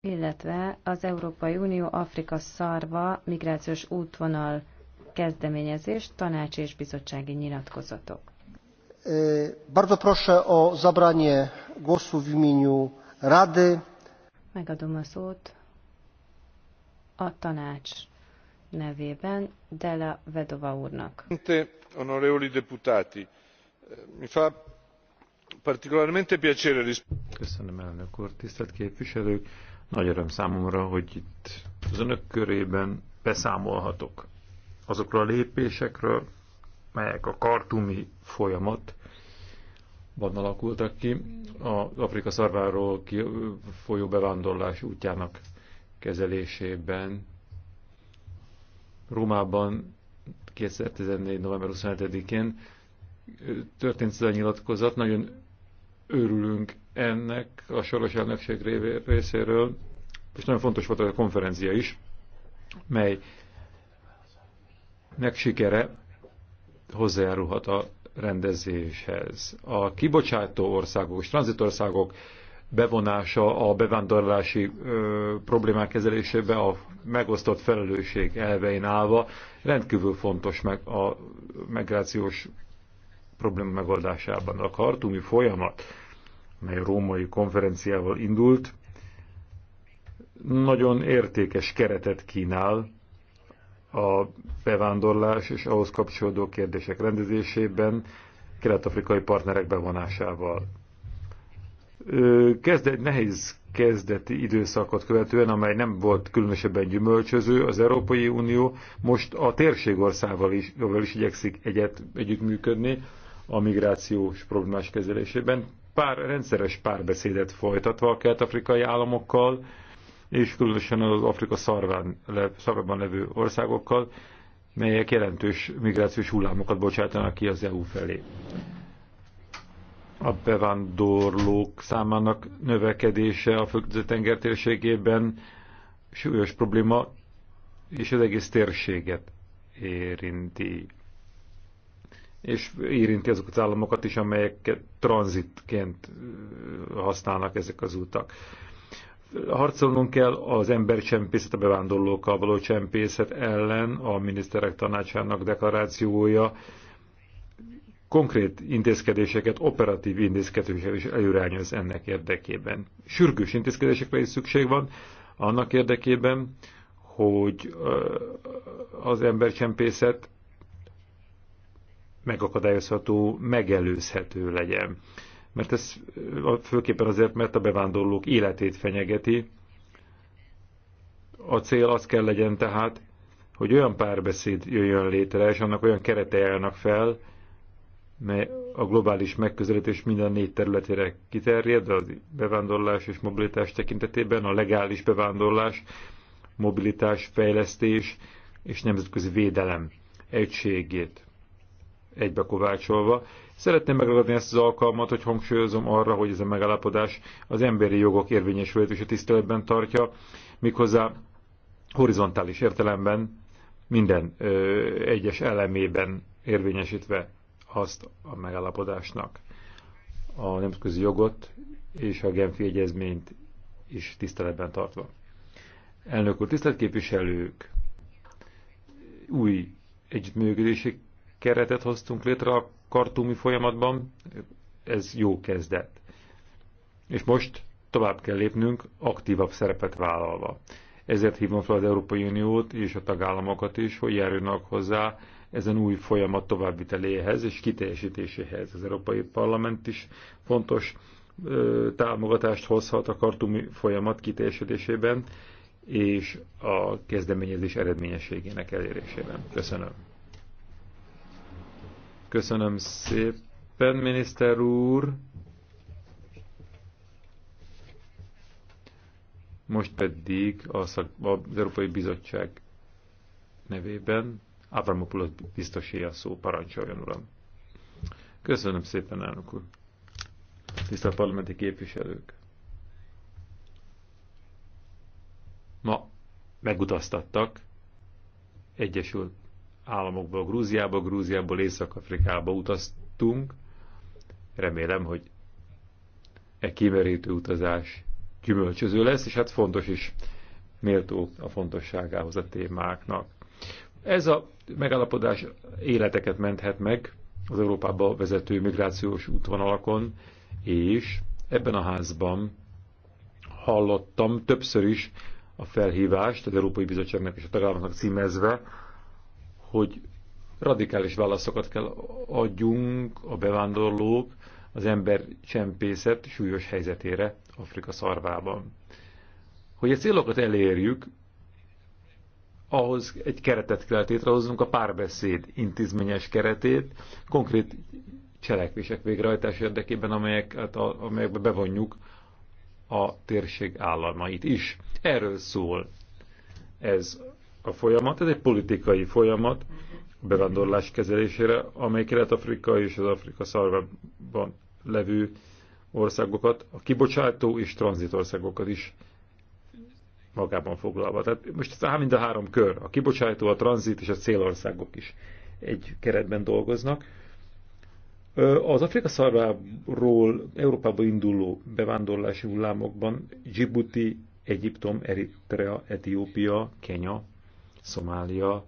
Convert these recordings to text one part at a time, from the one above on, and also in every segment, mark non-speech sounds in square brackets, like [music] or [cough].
illetve az Európai Unió Afrika szarva migrációs útvonal kezdeményezés, tanács és bizottsági nyilatkozatok. Bardzo proszę o zabranie głosu w imieniu Rady. Megadom a szót a tanács nevében Dela Vedova úrnak. Onorevoli deputati, mi fa particolarmente piacere... Köszönöm elnök úr, tisztelt képviselők! Nagy öröm számomra, hogy itt az önök körében beszámolhatok azokról a lépésekről, melyek a kartumi folyamat van alakultak ki, az Afrika szarváról folyó bevándorlás útjának kezelésében. Rómában 2014. november 27-én történt ez a nyilatkozat, nagyon örülünk ennek a soros elnökség részéről, és nagyon fontos volt a konferencia is, melynek sikere hozzájárulhat a rendezéshez. A kibocsátó országok és tranzitországok bevonása a bevándorlási ö, problémák kezelésébe a megosztott felelősség elvein állva rendkívül fontos meg a migrációs probléma megoldásában. A kartumi folyamat mely a római konferenciával indult, nagyon értékes keretet kínál a bevándorlás és ahhoz kapcsolódó kérdések rendezésében, kelet-afrikai partnerek bevonásával. Kezd egy nehéz kezdeti időszakot követően, amely nem volt különösebben gyümölcsöző, az Európai Unió most a térség is, is igyekszik egyet, együttműködni a migrációs problémás kezelésében pár, rendszeres párbeszédet folytatva a kelet-afrikai államokkal, és különösen az Afrika szarván, le, szarvában levő országokkal, melyek jelentős migrációs hullámokat bocsátanak ki az EU felé. A bevándorlók számának növekedése a földközi tenger térségében súlyos probléma, és az egész térséget érinti és érinti azokat az államokat is, amelyeket tranzitként használnak ezek az utak. Harcolnunk kell az embercsempészet, a bevándorlókkal való csempészet ellen, a miniszterek tanácsának deklarációja konkrét intézkedéseket, operatív intézkedéseket is előrányoz ennek érdekében. Sürgős intézkedésekre is szükség van, annak érdekében, hogy az embercsempészet megakadályozható, megelőzhető legyen. Mert ez főképpen azért, mert a bevándorlók életét fenyegeti. A cél az kell legyen tehát, hogy olyan párbeszéd jöjjön létre, és annak olyan kerete állnak fel, mely a globális megközelítés minden négy területére kiterjed, a bevándorlás és mobilitás tekintetében, a legális bevándorlás, mobilitás, fejlesztés és nemzetközi védelem egységét egybe kovácsolva. Szeretném megragadni ezt az alkalmat, hogy hangsúlyozom arra, hogy ez a megállapodás az emberi jogok érvényesülét és a tiszteletben tartja, méghozzá horizontális értelemben minden ö, egyes elemében érvényesítve azt a megállapodásnak. A nemzetközi jogot és a Genfi egyezményt is tiszteletben tartva. Elnök úr, tisztelt képviselők! Új együttműködési keretet hoztunk létre a kartumi folyamatban, ez jó kezdet. És most tovább kell lépnünk, aktívabb szerepet vállalva. Ezért hívom fel az Európai Uniót és a tagállamokat is, hogy járjanak hozzá ezen új folyamat továbbviteléhez és kiteljesítéséhez. Az Európai Parlament is fontos ö, támogatást hozhat a kartumi folyamat kiteljesítésében és a kezdeményezés eredményességének elérésében. Köszönöm. Köszönöm szépen, miniszter úr. Most pedig a szak, az Európai Bizottság nevében Avramopoulos biztosé a szó, parancsoljon uram. Köszönöm szépen, elnök úr. Tisztelt parlamenti képviselők. Ma megutaztattak Egyesült államokból, Grúziába, Grúziából, Észak-Afrikába utaztunk. Remélem, hogy egy kimerítő utazás gyümölcsöző lesz, és hát fontos is méltó a fontosságához a témáknak. Ez a megállapodás életeket menthet meg az Európába vezető migrációs útvonalakon, és ebben a házban hallottam többször is a felhívást az Európai Bizottságnak és a tagállamoknak címezve, hogy radikális válaszokat kell adjunk a bevándorlók, az ember csempészet súlyos helyzetére Afrika szarvában. Hogy a célokat elérjük, ahhoz egy keretet kell létrehoznunk, a párbeszéd intézményes keretét, konkrét cselekvések végrehajtás érdekében, amelyeket, hát amelyekbe bevonjuk a térség államait is. Erről szól ez a folyamat, ez egy politikai folyamat a bevándorlás kezelésére, amely Kelet-Afrika és az Afrika szarvában levő országokat, a kibocsátó és országokat is magában foglalva. Tehát most ez mind a három kör, a kibocsátó, a tranzit és a célországok is egy keretben dolgoznak. Az Afrika szarváról Európába induló bevándorlási hullámokban Djibouti, Egyiptom, Eritrea, Etiópia, Kenya, Szomália,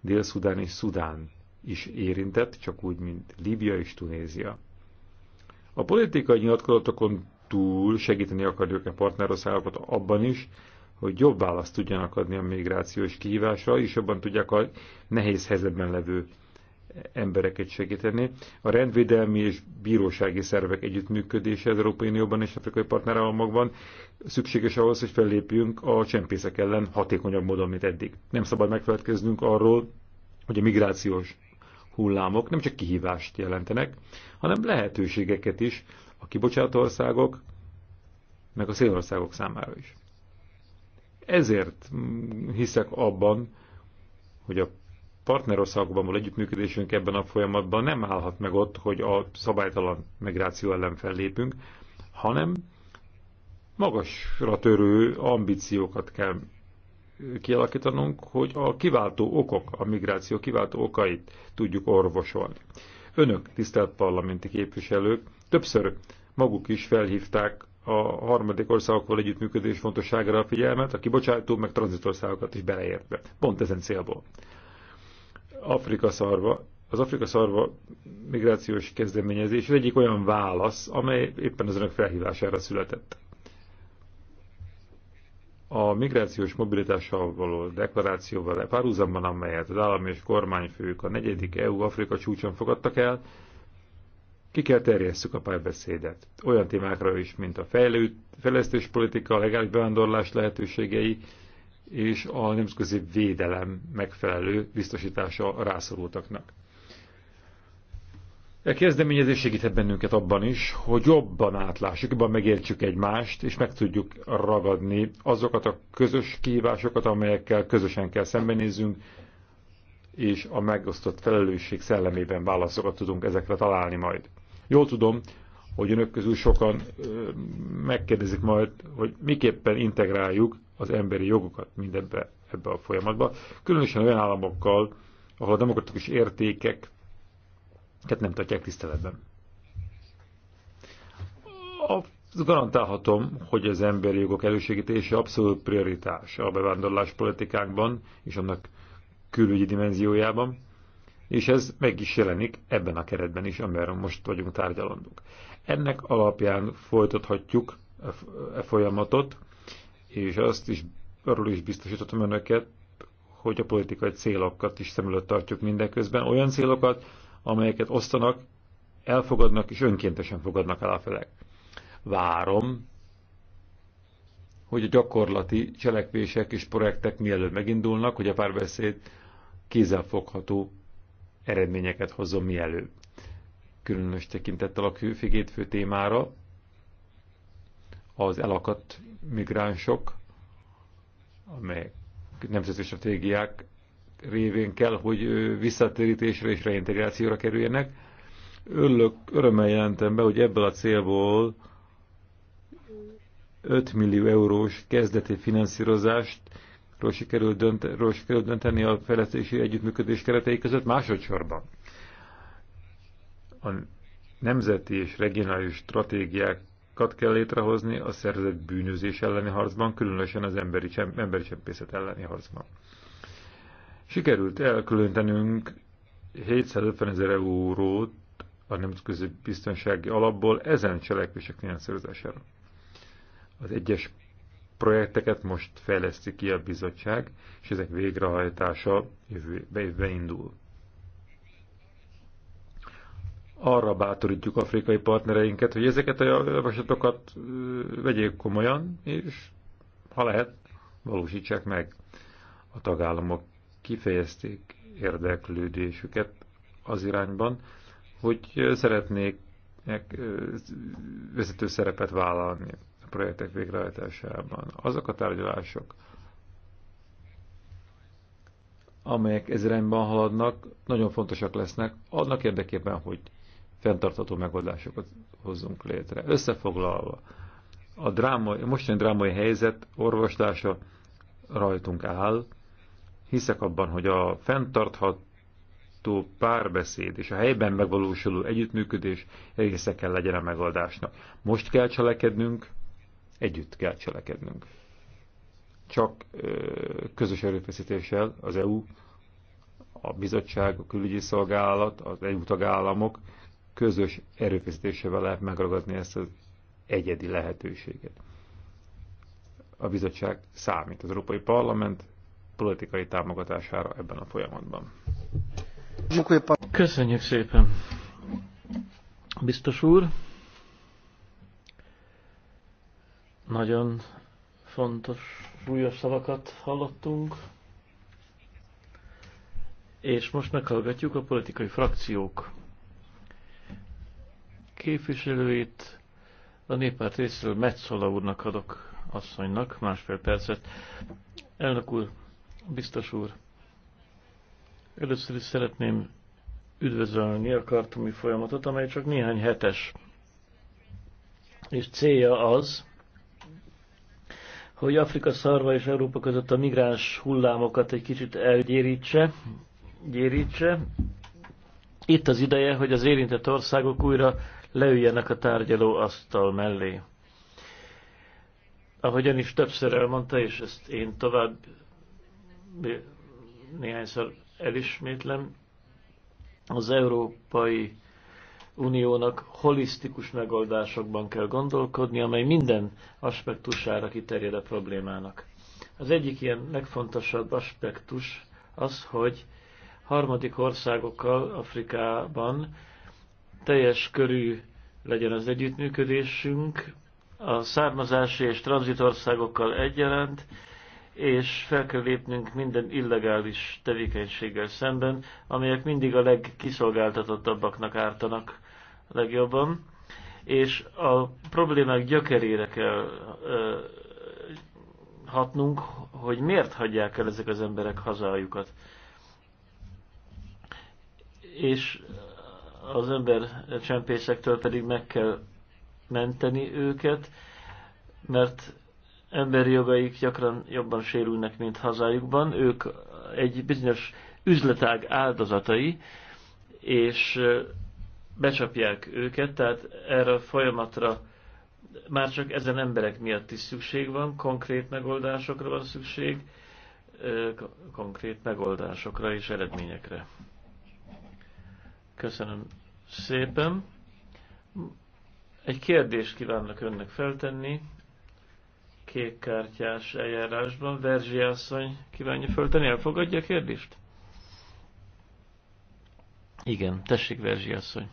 Dél-Szudán és Szudán is érintett, csak úgy, mint Líbia és Tunézia. A politikai nyilatkozatokon túl segíteni akarjuk a partnerországokat abban is, hogy jobb választ tudjanak adni a migrációs kihívásra, és jobban tudják a nehéz helyzetben levő embereket segíteni. A rendvédelmi és bírósági szervek együttműködése az Európai Unióban és Afrikai Partnerállamokban szükséges ahhoz, hogy fellépjünk a csempészek ellen hatékonyabb módon, mint eddig. Nem szabad megfelelkeznünk arról, hogy a migrációs hullámok nem csak kihívást jelentenek, hanem lehetőségeket is a kibocsátó országok, meg a szélországok számára is. Ezért hiszek abban, hogy a partnerországokban való együttműködésünk ebben a folyamatban nem állhat meg ott, hogy a szabálytalan migráció ellen fellépünk, hanem magasra törő ambíciókat kell kialakítanunk, hogy a kiváltó okok, a migráció kiváltó okait tudjuk orvosolni. Önök, tisztelt parlamenti képviselők, többször maguk is felhívták a harmadik országokkal együttműködés fontosságára a figyelmet, a kibocsátó meg tranzitországokat is beleértve. Pont ezen célból. Afrika szarva, az Afrika szarva migrációs kezdeményezés egyik olyan válasz, amely éppen az önök felhívására született. A migrációs mobilitással való deklarációval párhuzamban, amelyet az állam és kormányfők a negyedik EU-Afrika csúcson fogadtak el, ki kell terjesszük a párbeszédet. Olyan témákra is, mint a fejlesztéspolitika, a legális bevándorlás lehetőségei, és a nemzetközi védelem megfelelő biztosítása a rászorultaknak. A e kezdeményezés segíthet bennünket abban is, hogy jobban átlássuk, jobban megértsük egymást, és meg tudjuk ragadni azokat a közös kihívásokat, amelyekkel közösen kell szembenézzünk, és a megosztott felelősség szellemében válaszokat tudunk ezekre találni majd. Jól tudom, hogy önök közül sokan megkérdezik majd, hogy miképpen integráljuk az emberi jogokat mindebbe ebbe a folyamatba, különösen olyan államokkal, ahol a demokratikus értékeket nem tartják tiszteletben. Azt garantálhatom, hogy az emberi jogok elősegítése abszolút prioritás a bevándorlás politikánkban és annak külügyi dimenziójában és ez meg is jelenik ebben a keretben is, amiről most vagyunk tárgyalandók. Ennek alapján folytathatjuk e, e folyamatot, és azt is arról is biztosítottam önöket, hogy a politikai célokat is szem előtt tartjuk mindeközben, olyan célokat, amelyeket osztanak, elfogadnak és önkéntesen fogadnak el a felek. Várom, hogy a gyakorlati cselekvések és projektek mielőtt megindulnak, hogy a párbeszéd kézzelfogható eredményeket hozzon mielőbb. Különös tekintettel a fő témára, az elakadt migránsok, amelyek nemzeti stratégiák révén kell, hogy visszatérítésre és reintegrációra kerüljenek. Örülök, örömmel jelentem be, hogy ebből a célból 5 millió eurós kezdeti finanszírozást ról sikerült, dönt, ról sikerült dönteni a fejlesztési együttműködés keretei között másodszorban. A nemzeti és regionális stratégiákat kell létrehozni a szerzett bűnözés elleni harcban, különösen az emberi, csem, emberi csempészet elleni harcban. Sikerült elkülönítenünk 750 ezer eurót a nemzetközi biztonsági alapból ezen cselekvések finanszírozására. Az egyes projekteket most fejleszti ki a bizottság, és ezek végrehajtása jövőbe évbe indul. Arra bátorítjuk afrikai partnereinket, hogy ezeket a javaslatokat vegyék komolyan, és ha lehet, valósítsák meg. A tagállamok kifejezték érdeklődésüket az irányban, hogy szeretnék vezető szerepet vállalni a projektek végrehajtásában. Azok a tárgyalások, amelyek ez irányban haladnak, nagyon fontosak lesznek annak érdekében, hogy fenntartható megoldásokat hozzunk létre. Összefoglalva, a drámai, a mostani drámai helyzet orvoslása rajtunk áll. Hiszek abban, hogy a fenntartható párbeszéd és a helyben megvalósuló együttműködés része kell legyen a megoldásnak. Most kell cselekednünk, Együtt kell cselekednünk. Csak közös erőfeszítéssel az EU, a bizottság, a külügyi szolgálat, az EU tagállamok közös erőfeszítésével lehet megragadni ezt az egyedi lehetőséget. A bizottság számít az Európai Parlament politikai támogatására ebben a folyamatban. Köszönjük szépen, biztos úr! Nagyon fontos, súlyos szavakat hallottunk, és most meghallgatjuk a politikai frakciók képviselőit. A néppárt részéről Metszola úrnak adok asszonynak másfél percet. Elnök úr, biztos úr, először is szeretném üdvözölni a kartumi folyamatot, amely csak néhány hetes. És célja az, hogy Afrika szarva és Európa között a migráns hullámokat egy kicsit elgyérítse, gyérítse. Itt az ideje, hogy az érintett országok újra leüljenek a tárgyaló asztal mellé. ön is többször elmondta, és ezt én tovább néhányszor elismétlem, az európai Uniónak holisztikus megoldásokban kell gondolkodni, amely minden aspektusára kiterjed a problémának. Az egyik ilyen legfontosabb aspektus az, hogy harmadik országokkal Afrikában teljes körű legyen az együttműködésünk, a származási és tranzitországokkal egyaránt, és fel kell lépnünk minden illegális tevékenységgel szemben, amelyek mindig a legkiszolgáltatottabbaknak ártanak legjobban, és a problémák gyökerére kell ö, hatnunk, hogy miért hagyják el ezek az emberek hazájukat. És az ember csempészektől pedig meg kell menteni őket, mert emberi jogaik gyakran jobban sérülnek, mint hazájukban. Ők egy bizonyos üzletág áldozatai, és becsapják őket, tehát erre a folyamatra már csak ezen emberek miatt is szükség van, konkrét megoldásokra van szükség, konkrét megoldásokra és eredményekre. Köszönöm szépen. Egy kérdést kívánok önnek feltenni. Kékkártyás eljárásban. Verzsi asszony kívánja föltenni. Elfogadja a kérdést? Igen, tessék Verzsi asszony.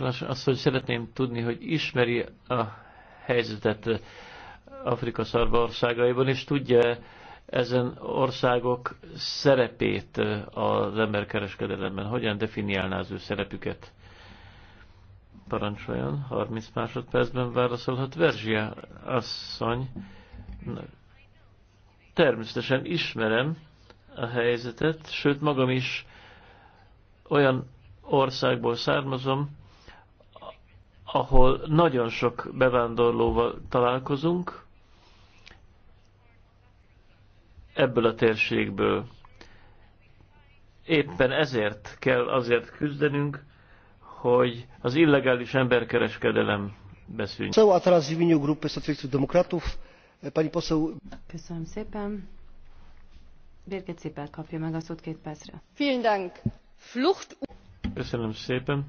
Azt, hogy szeretném tudni, hogy ismeri a helyzetet Afrika szarva országaiban, és tudja ezen országok szerepét az emberkereskedelemben. Hogyan definiálná az ő szerepüket? Parancsoljon, 30 másodpercben válaszolhat Verzsia asszony. Természetesen ismerem a helyzetet, sőt magam is olyan országból származom, ahol nagyon sok bevándorlóval találkozunk, ebből a térségből. Éppen ezért kell azért küzdenünk, hogy az illegális emberkereskedelem beszűnjön. Szóval a w imieniu grupy socjalistów demokratów e, pani poseł... Köszönöm szépen. Birgit Cipel kapja meg a szót két percre. Vielen Dank. Flucht... Köszönöm szépen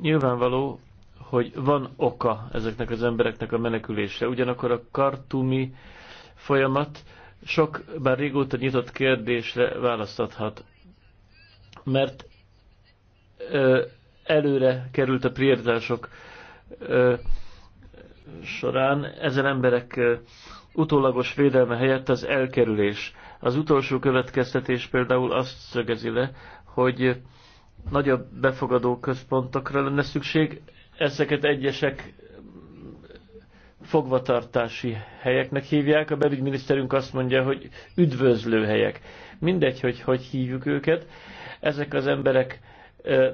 nyilvánvaló, hogy van oka ezeknek az embereknek a menekülése. Ugyanakkor a kartumi folyamat sok, bár régóta nyitott kérdésre választathat, mert ö, előre került a priorizások ö, során ezen emberek ö, utólagos védelme helyett az elkerülés. Az utolsó következtetés például azt szögezi le, hogy nagyobb befogadó központokra lenne szükség, ezeket egyesek fogvatartási helyeknek hívják, a belügyminiszterünk azt mondja, hogy üdvözlő helyek. Mindegy, hogy hogy hívjuk őket, ezek az emberek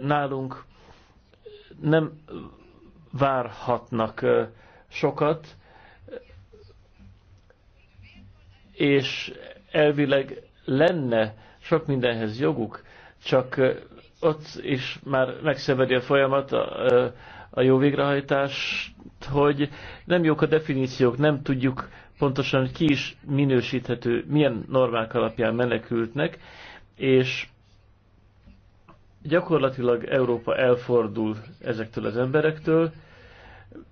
nálunk nem várhatnak sokat, és elvileg lenne sok mindenhez joguk, csak ott is már megszenvedi a folyamat a, a jó végrehajtást, hogy nem jók a definíciók, nem tudjuk pontosan, hogy ki is minősíthető, milyen normák alapján menekültnek, és gyakorlatilag Európa elfordul ezektől az emberektől.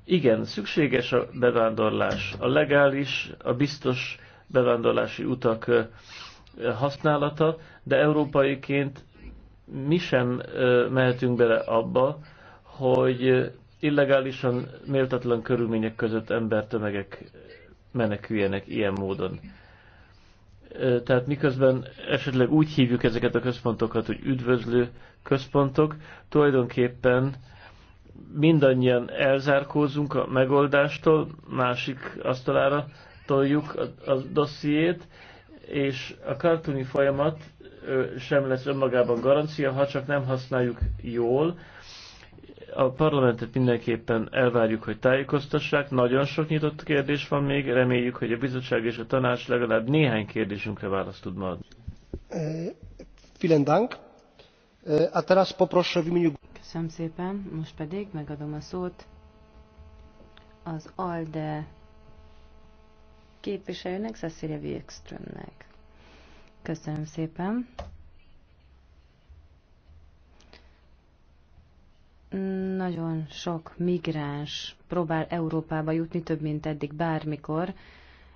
Igen, szükséges a bevándorlás, a legális, a biztos bevándorlási utak használata, de európaiként mi sem mehetünk bele abba, hogy illegálisan méltatlan körülmények között embertömegek meneküljenek ilyen módon. Tehát miközben esetleg úgy hívjuk ezeket a központokat, hogy üdvözlő központok, tulajdonképpen mindannyian elzárkózunk a megoldástól, másik asztalára toljuk a, a dossziét, és a kartoni folyamat sem lesz önmagában garancia, ha csak nem használjuk jól. A parlamentet mindenképpen elvárjuk, hogy tájékoztassák. Nagyon sok nyitott kérdés van még, reméljük, hogy a bizottság és a tanács legalább néhány kérdésünkre választ tud ma adni. Vielen Dank. A Köszönöm szépen, most pedig megadom a szót az ALDE képviselőnek, Cecilia Wikströmnek. Köszönöm szépen. Nagyon sok migráns próbál Európába jutni, több mint eddig bármikor,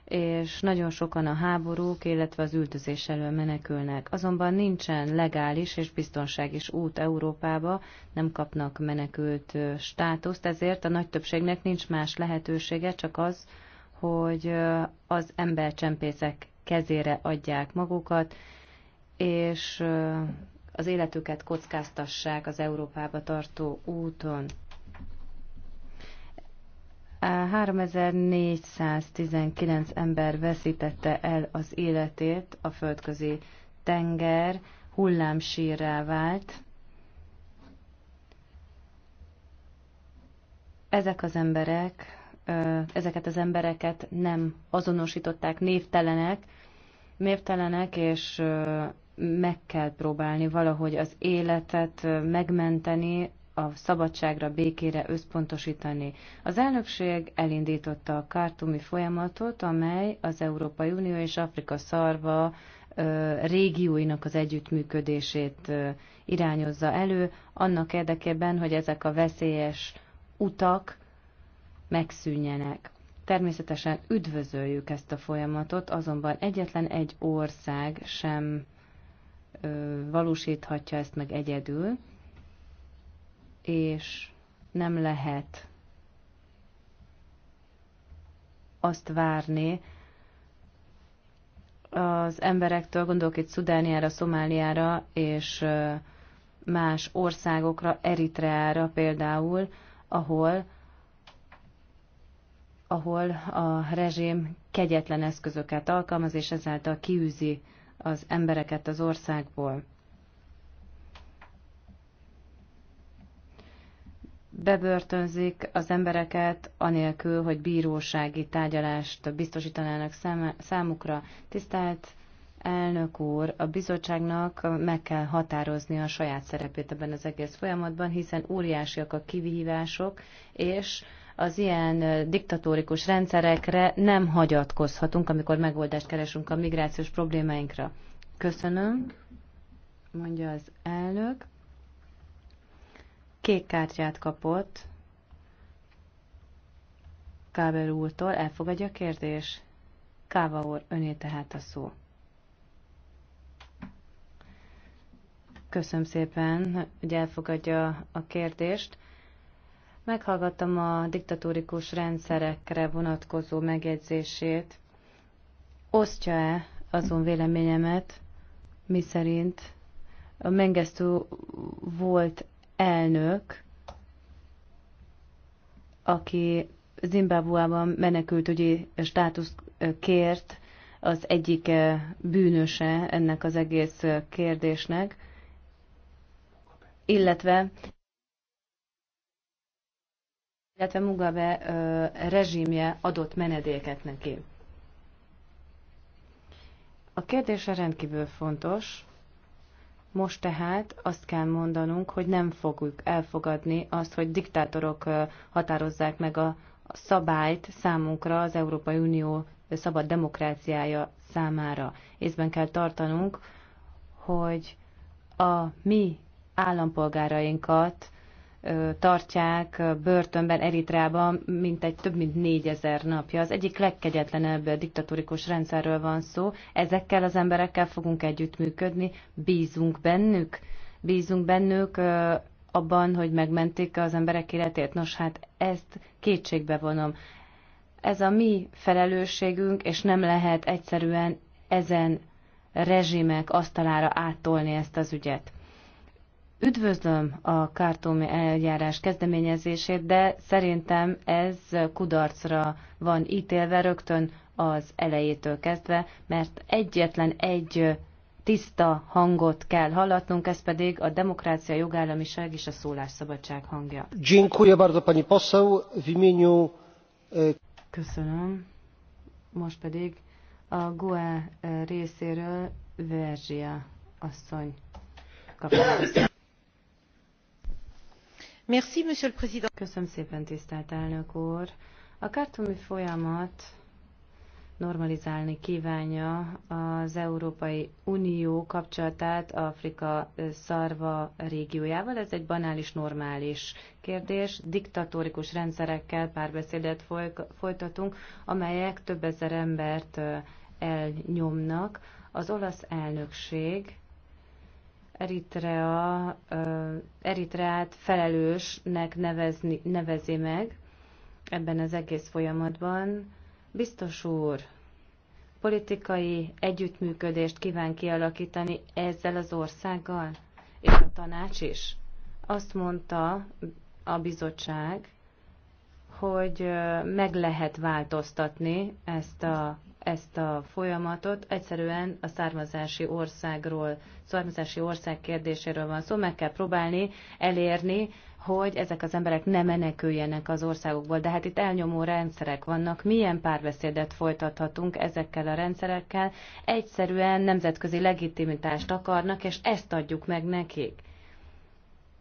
és nagyon sokan a háborúk, illetve az üldözés elől menekülnek. Azonban nincsen legális és biztonságos út Európába, nem kapnak menekült státuszt, ezért a nagy többségnek nincs más lehetősége, csak az, hogy az embercsempészek kezére adják magukat, és az életüket kockáztassák az Európába tartó úton. 3419 ember veszítette el az életét, a földközi tenger hullámsírrá vált. Ezek az emberek ezeket az embereket nem azonosították névtelenek, névtelenek, és meg kell próbálni valahogy az életet megmenteni, a szabadságra, békére összpontosítani. Az elnökség elindította a kártumi folyamatot, amely az Európai Unió és Afrika szarva régióinak az együttműködését irányozza elő, annak érdekében, hogy ezek a veszélyes utak megszűnjenek. Természetesen üdvözöljük ezt a folyamatot, azonban egyetlen egy ország sem ö, valósíthatja ezt meg egyedül, és nem lehet azt várni az emberektől, gondolok itt Szudániára, Szomáliára és más országokra, Eritreára például, ahol ahol a rezsim kegyetlen eszközöket alkalmaz, és ezáltal kiűzi az embereket az országból. Bebörtönzik az embereket, anélkül, hogy bírósági tárgyalást biztosítanának számukra. Tisztelt elnök úr, a bizottságnak meg kell határozni a saját szerepét ebben az egész folyamatban, hiszen óriásiak a kivívások, és az ilyen diktatórikus rendszerekre nem hagyatkozhatunk, amikor megoldást keresünk a migrációs problémáinkra. Köszönöm, mondja az elnök. Kék kártyát kapott Káber úrtól. Elfogadja a kérdés? Káva úr, öné tehát a szó. Köszönöm szépen, hogy elfogadja a kérdést. Meghallgattam a diktatórikus rendszerekre vonatkozó megjegyzését. Osztja-e azon véleményemet, miszerint a Mengesztő volt elnök, aki zimbabwe menekültügyi státuszt kért, az egyik bűnöse ennek az egész kérdésnek, illetve illetve Mugabe rezsimje adott menedéket neki. A kérdése rendkívül fontos. Most tehát azt kell mondanunk, hogy nem fogjuk elfogadni azt, hogy diktátorok határozzák meg a szabályt számunkra, az Európai Unió szabad demokráciája számára. Észben kell tartanunk, hogy a mi állampolgárainkat tartják börtönben Eritreában mintegy több mint négyezer napja. Az egyik legkegyetlenebb diktatórikus rendszerről van szó. Ezekkel az emberekkel fogunk együttműködni, bízunk bennük, bízunk bennük abban, hogy megmentik az emberek életét. Nos, hát ezt kétségbe vonom. Ez a mi felelősségünk, és nem lehet egyszerűen ezen rezsimek asztalára áttolni ezt az ügyet. Üdvözlöm a kártómi eljárás kezdeményezését, de szerintem ez kudarcra van ítélve rögtön az elejétől kezdve, mert egyetlen egy tiszta hangot kell hallatnunk, ez pedig a demokrácia, jogállamiság és a szólásszabadság hangja. Dziękuję bardzo pani poseł w imieniu... E, Köszönöm. Most pedig a GUE e, részéről Verzsia asszony kapja. Merci, monsieur le président. Köszönöm szépen, tisztelt elnök úr. A kartumi folyamat normalizálni kívánja az Európai Unió kapcsolatát Afrika szarva régiójával. Ez egy banális, normális kérdés. Diktatórikus rendszerekkel párbeszédet folytatunk, amelyek több ezer embert elnyomnak. Az olasz elnökség Eritrea, Eritreát felelősnek nevezni, nevezi meg ebben az egész folyamatban. Biztos úr, politikai együttműködést kíván kialakítani ezzel az országgal, és a tanács is. Azt mondta a bizottság, hogy meg lehet változtatni ezt a ezt a folyamatot. Egyszerűen a származási országról, származási ország kérdéséről van szó. Meg kell próbálni elérni, hogy ezek az emberek ne meneküljenek az országokból. De hát itt elnyomó rendszerek vannak. Milyen párbeszédet folytathatunk ezekkel a rendszerekkel? Egyszerűen nemzetközi legitimitást akarnak, és ezt adjuk meg nekik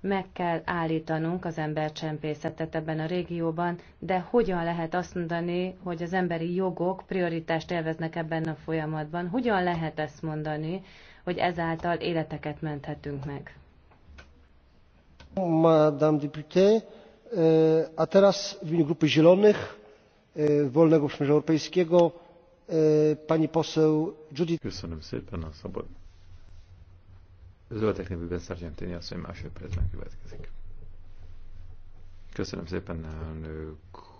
meg kell állítanunk az embercsempészetet ebben a régióban, de hogyan lehet azt mondani, hogy az emberi jogok prioritást élveznek ebben a folyamatban? Hogyan lehet ezt mondani, hogy ezáltal életeket menthetünk meg? Madame Député, eh, a teraz w imieniu Grupy Zielonych, eh, Wolnego Przymierza Europejskiego, eh, pani poseł Judith. Köszönöm szépen a szabad Zöldek nevűben hogy asszony másodpercben következik. Köszönöm szépen, elnök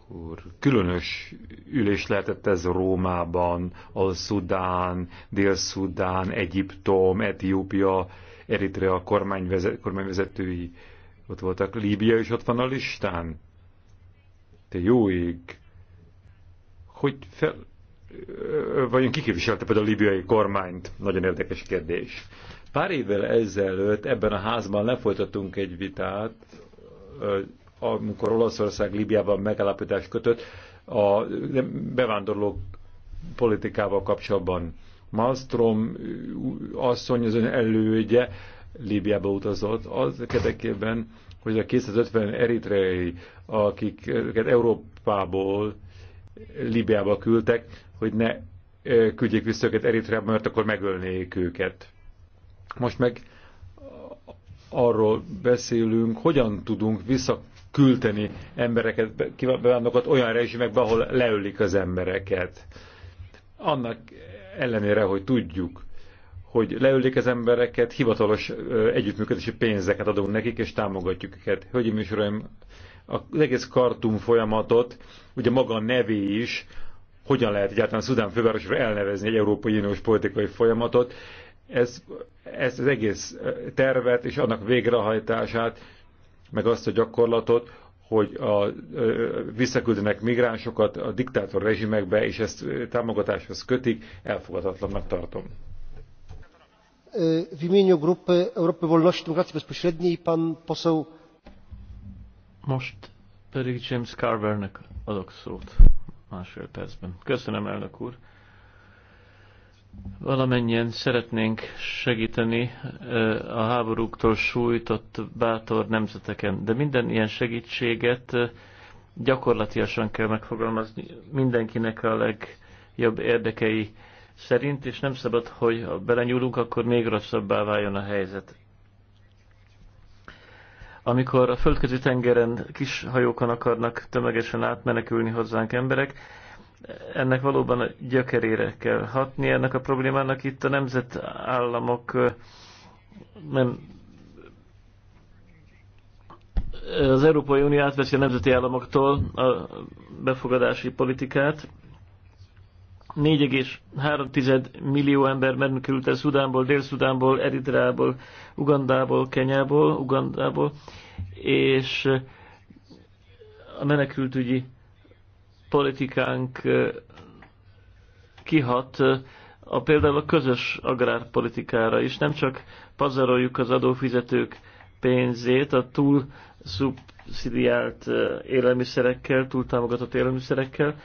úr. Különös ülés lehetett ez Rómában, a Szudán, Dél-Szudán, Egyiptom, Etiópia, Eritrea kormányvezet, kormányvezetői ott voltak. Líbia is ott van a listán. Te jó ég! Hogy fel... Vajon kiképviselte például a libiai kormányt? Nagyon érdekes kérdés. Pár évvel ezelőtt ebben a házban lefolytattunk egy vitát, amikor Olaszország Líbiában megállapítást kötött a bevándorló politikával kapcsolatban. Malmström asszony az ön elődje Líbiába utazott, az kedekében, hogy a 250 eritreai, akiket Európából Líbiába küldtek, hogy ne küldjék vissza őket Eritreába, mert akkor megölnék őket. Most meg arról beszélünk, hogyan tudunk visszaküldeni embereket, kívánokat olyan rezsimekbe, ahol leölik az embereket. Annak ellenére, hogy tudjuk, hogy leülik az embereket, hivatalos együttműködési pénzeket adunk nekik, és támogatjuk őket. Hölgyeim és uraim, az egész kartum folyamatot, ugye maga a nevé is, hogyan lehet egyáltalán Szudán fővárosra elnevezni egy Európai Uniós politikai folyamatot, ez, ezt az egész tervet és annak végrehajtását, meg azt a gyakorlatot, hogy a, visszaküldenek migránsokat a diktátor rezsimekbe, és ezt támogatáshoz kötik, elfogadhatatlannak tartom. W imieniu Grupy Europy Wolności Demokracji Bezpośredniej pan poseł... Most pedig James Carvernek adok szót másfél percben. Köszönöm, elnök úr. Valamennyien szeretnénk segíteni a háborúktól sújtott bátor nemzeteken, de minden ilyen segítséget gyakorlatilag kell megfogalmazni mindenkinek a legjobb érdekei szerint, és nem szabad, hogy ha belenyúlunk, akkor még rosszabbá váljon a helyzet. Amikor a földközi tengeren kis hajókon akarnak tömegesen átmenekülni hozzánk emberek, ennek valóban a gyökerére kell hatni. Ennek a problémának itt a nemzetállamok nem az Európai Unió átveszi a nemzeti államoktól a befogadási politikát. 4,3 millió ember menekült el Szudánból, Dél-Szudánból, Eritreából, Ugandából, Kenyából, Ugandából, és a menekültügyi politikánk kihat a, például a közös agrárpolitikára is. Nem csak pazaroljuk az adófizetők pénzét a túl szubszidiált élelmiszerekkel, túl támogatott élelmiszerekkel,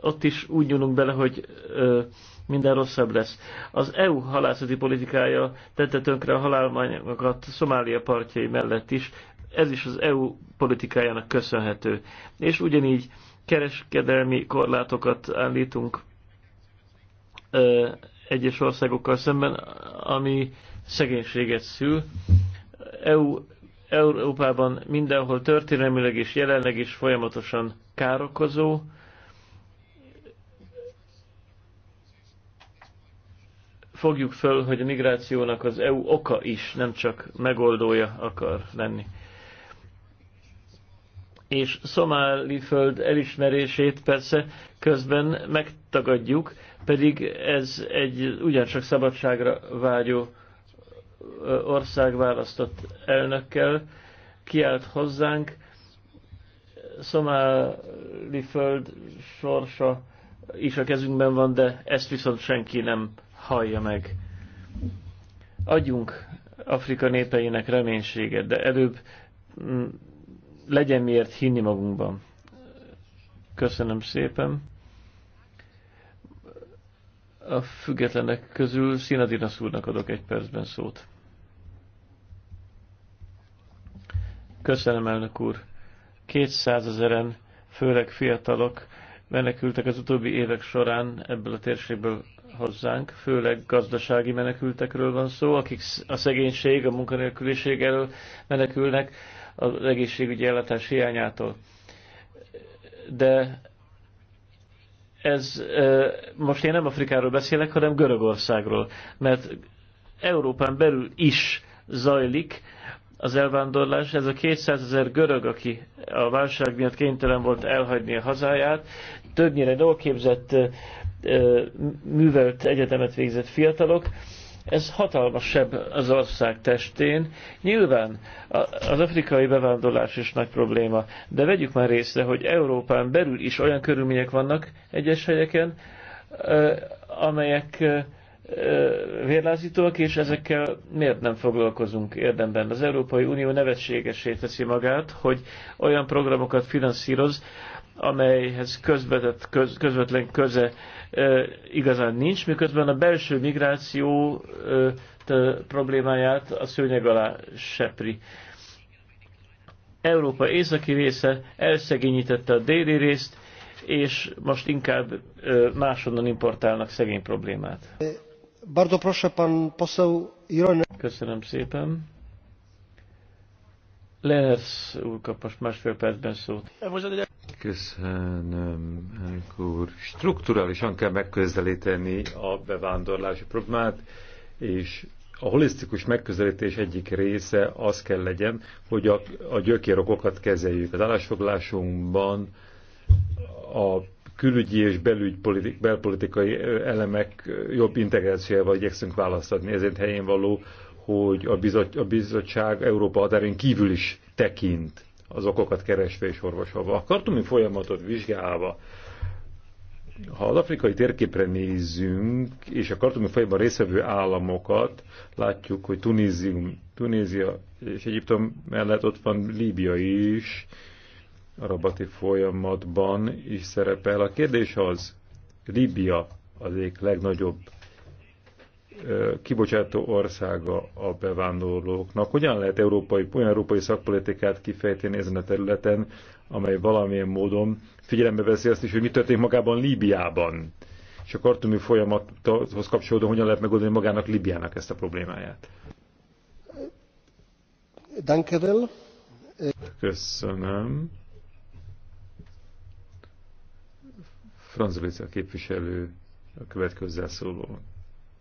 ott is úgy nyúlunk bele, hogy ö, minden rosszabb lesz. Az EU halászati politikája tette tönkre a halálmányokat Szomália partjai mellett is, ez is az EU politikájának köszönhető. És ugyanígy kereskedelmi korlátokat állítunk egyes országokkal szemben, ami szegénységet szül. EU, Európában mindenhol történelmileg és jelenleg is folyamatosan károkozó. Fogjuk föl, hogy a migrációnak az EU oka is, nem csak megoldója akar lenni és szomáli föld elismerését persze közben megtagadjuk, pedig ez egy ugyancsak szabadságra vágyó ország választott elnökkel kiált hozzánk. Szomáli föld sorsa is a kezünkben van, de ezt viszont senki nem hallja meg. Adjunk Afrika népeinek reménységet, de előbb mm, legyen miért hinni magunkban. Köszönöm szépen. A függetlenek közül Színadinasz szúrnak adok egy percben szót. Köszönöm, elnök úr. 200 ezeren, főleg fiatalok, menekültek az utóbbi évek során ebből a térségből hozzánk, főleg gazdasági menekültekről van szó, akik a szegénység, a munkanélküliség elől menekülnek, az egészségügyi ellátás hiányától. De ez most én nem Afrikáról beszélek, hanem Görögországról, mert Európán belül is zajlik az elvándorlás. Ez a 200 ezer görög, aki a válság miatt kénytelen volt elhagyni a hazáját, többnyire jól képzett, művelt egyetemet végzett fiatalok, ez hatalmas sebb az ország testén. Nyilván az afrikai bevándorlás is nagy probléma, de vegyük már részre, hogy Európán belül is olyan körülmények vannak egyes helyeken, amelyek vérlázítóak, és ezekkel miért nem foglalkozunk érdemben? Az Európai Unió nevetségesé teszi magát, hogy olyan programokat finanszíroz, amelyhez közvetett, köz, közvetlen köze e, igazán nincs, miközben a belső migráció e, problémáját a szőnyeg alá sepri. Európa északi része elszegényítette a déli részt, és most inkább e, máshonnan importálnak szegény problémát. pan Köszönöm szépen. Lehersz úr kap másfél percben szót. Köszönöm, elnök úr. Strukturálisan kell megközelíteni a bevándorlási problémát, és a holisztikus megközelítés egyik része az kell legyen, hogy a, a gyökérokokat kezeljük. Az állásfoglásunkban a külügyi és politi, belpolitikai elemek jobb integrációjával igyekszünk választani. Ezért helyén való, hogy a, bizot, a bizottság Európa határon kívül is tekint az okokat keresve és orvosolva. A kartumi folyamatot vizsgálva, ha az afrikai térképre nézzünk, és a kartumi folyamatban részvevő államokat, látjuk, hogy Tunézium, Tunézia és Egyiptom mellett ott van Líbia is, a rabati folyamatban is szerepel. A kérdés az, Líbia az egyik legnagyobb kibocsátó országa a bevándorlóknak. Hogyan lehet európai, olyan európai szakpolitikát kifejteni ezen a területen, amely valamilyen módon figyelembe veszi azt is, hogy mi történik magában Líbiában? És a kartumi folyamathoz kapcsolódóan hogyan lehet megoldani magának Líbiának ezt a problémáját? Dankedel. Köszönöm. Franz a képviselő a következő szóló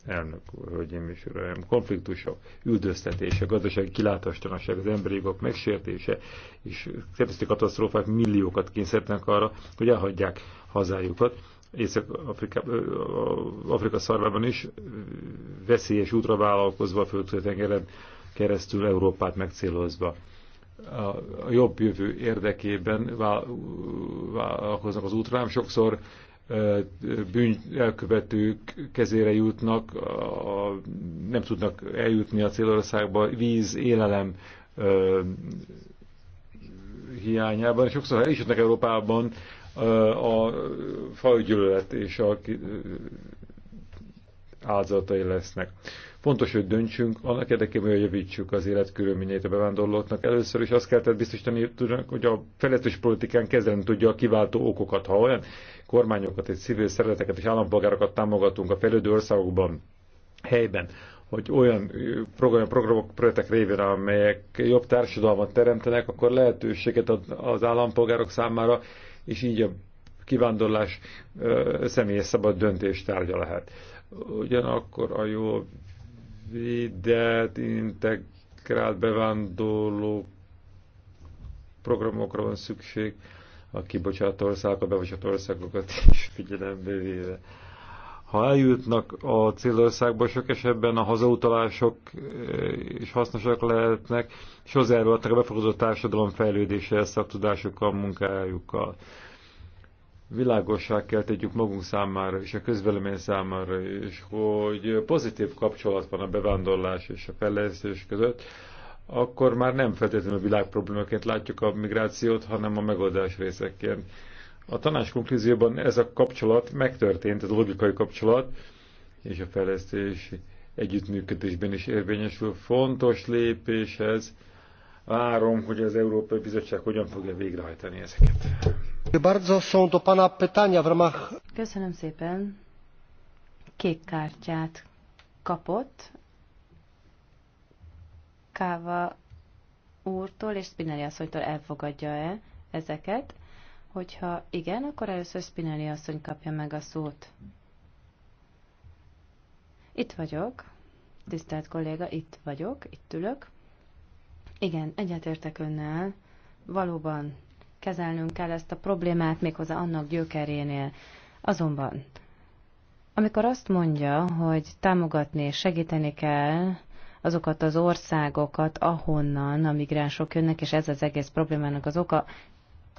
elnök úr, hölgyeim és uraim, konfliktusok, üldöztetése, gazdasági kilátástalanság, az emberi jogok megsértése és szervezeti katasztrófák milliókat kényszerítenek arra, hogy elhagyják hazájukat. Észak-Afrika Afrika szarvában is veszélyes útra vállalkozva a tengeren keresztül Európát megcélozva. A jobb jövő érdekében vállalkoznak az útra, sokszor bűn elkövetők kezére jutnak, a, nem tudnak eljutni a célországba, víz, élelem ö, hiányában. Sokszor jutnak Európában a, a fajgyűlölet és a áldozatai lesznek. Fontos, hogy döntsünk, annak érdekében, hogy javítsuk az életkörülményeit a bevándorlóknak. Először is azt tehát biztosítani, hogy a felelős politikán kezelni tudja a kiváltó okokat. Ha olyan kormányokat és civil szervezeteket és állampolgárokat támogatunk a fejlődő országokban, helyben, hogy olyan program, programok, projektek révén, amelyek jobb társadalmat teremtenek, akkor lehetőséget ad az állampolgárok számára, és így a kivándorlás személyes szabad döntés tárgya lehet ugyanakkor a jó védett, integrált bevándorló programokra van szükség, a kibocsátó országokat, bevocsátó országokat is figyelembe véve. Ha eljutnak a célországba, sok esetben a hazautalások eh, is hasznosak lehetnek, és hozzájárulhatnak a befogadó társadalom fejlődéséhez szaktudásukkal, munkájukkal világossá kell tegyük magunk számára és a közvelemény számára is, hogy pozitív kapcsolat van a bevándorlás és a fejlesztés között, akkor már nem feltétlenül világ problémaként látjuk a migrációt, hanem a megoldás részeként. A tanács konklúzióban ez a kapcsolat megtörtént, ez a logikai kapcsolat, és a fejlesztés együttműködésben is érvényesül. Fontos lépés ez, Várom, hogy az Európai Bizottság hogyan fogja végrehajtani ezeket. Köszönöm szépen. Kék kártyát kapott. Káva úrtól és Spinelli asszonytól elfogadja-e ezeket? Hogyha igen, akkor először Spinelli asszony kapja meg a szót. Itt vagyok, tisztelt kolléga, itt vagyok, itt ülök. Igen, egyetértek önnel. Valóban kezelnünk kell ezt a problémát méghozzá annak gyökerénél. Azonban, amikor azt mondja, hogy támogatni és segíteni kell azokat az országokat, ahonnan a migránsok jönnek, és ez az egész problémának az oka,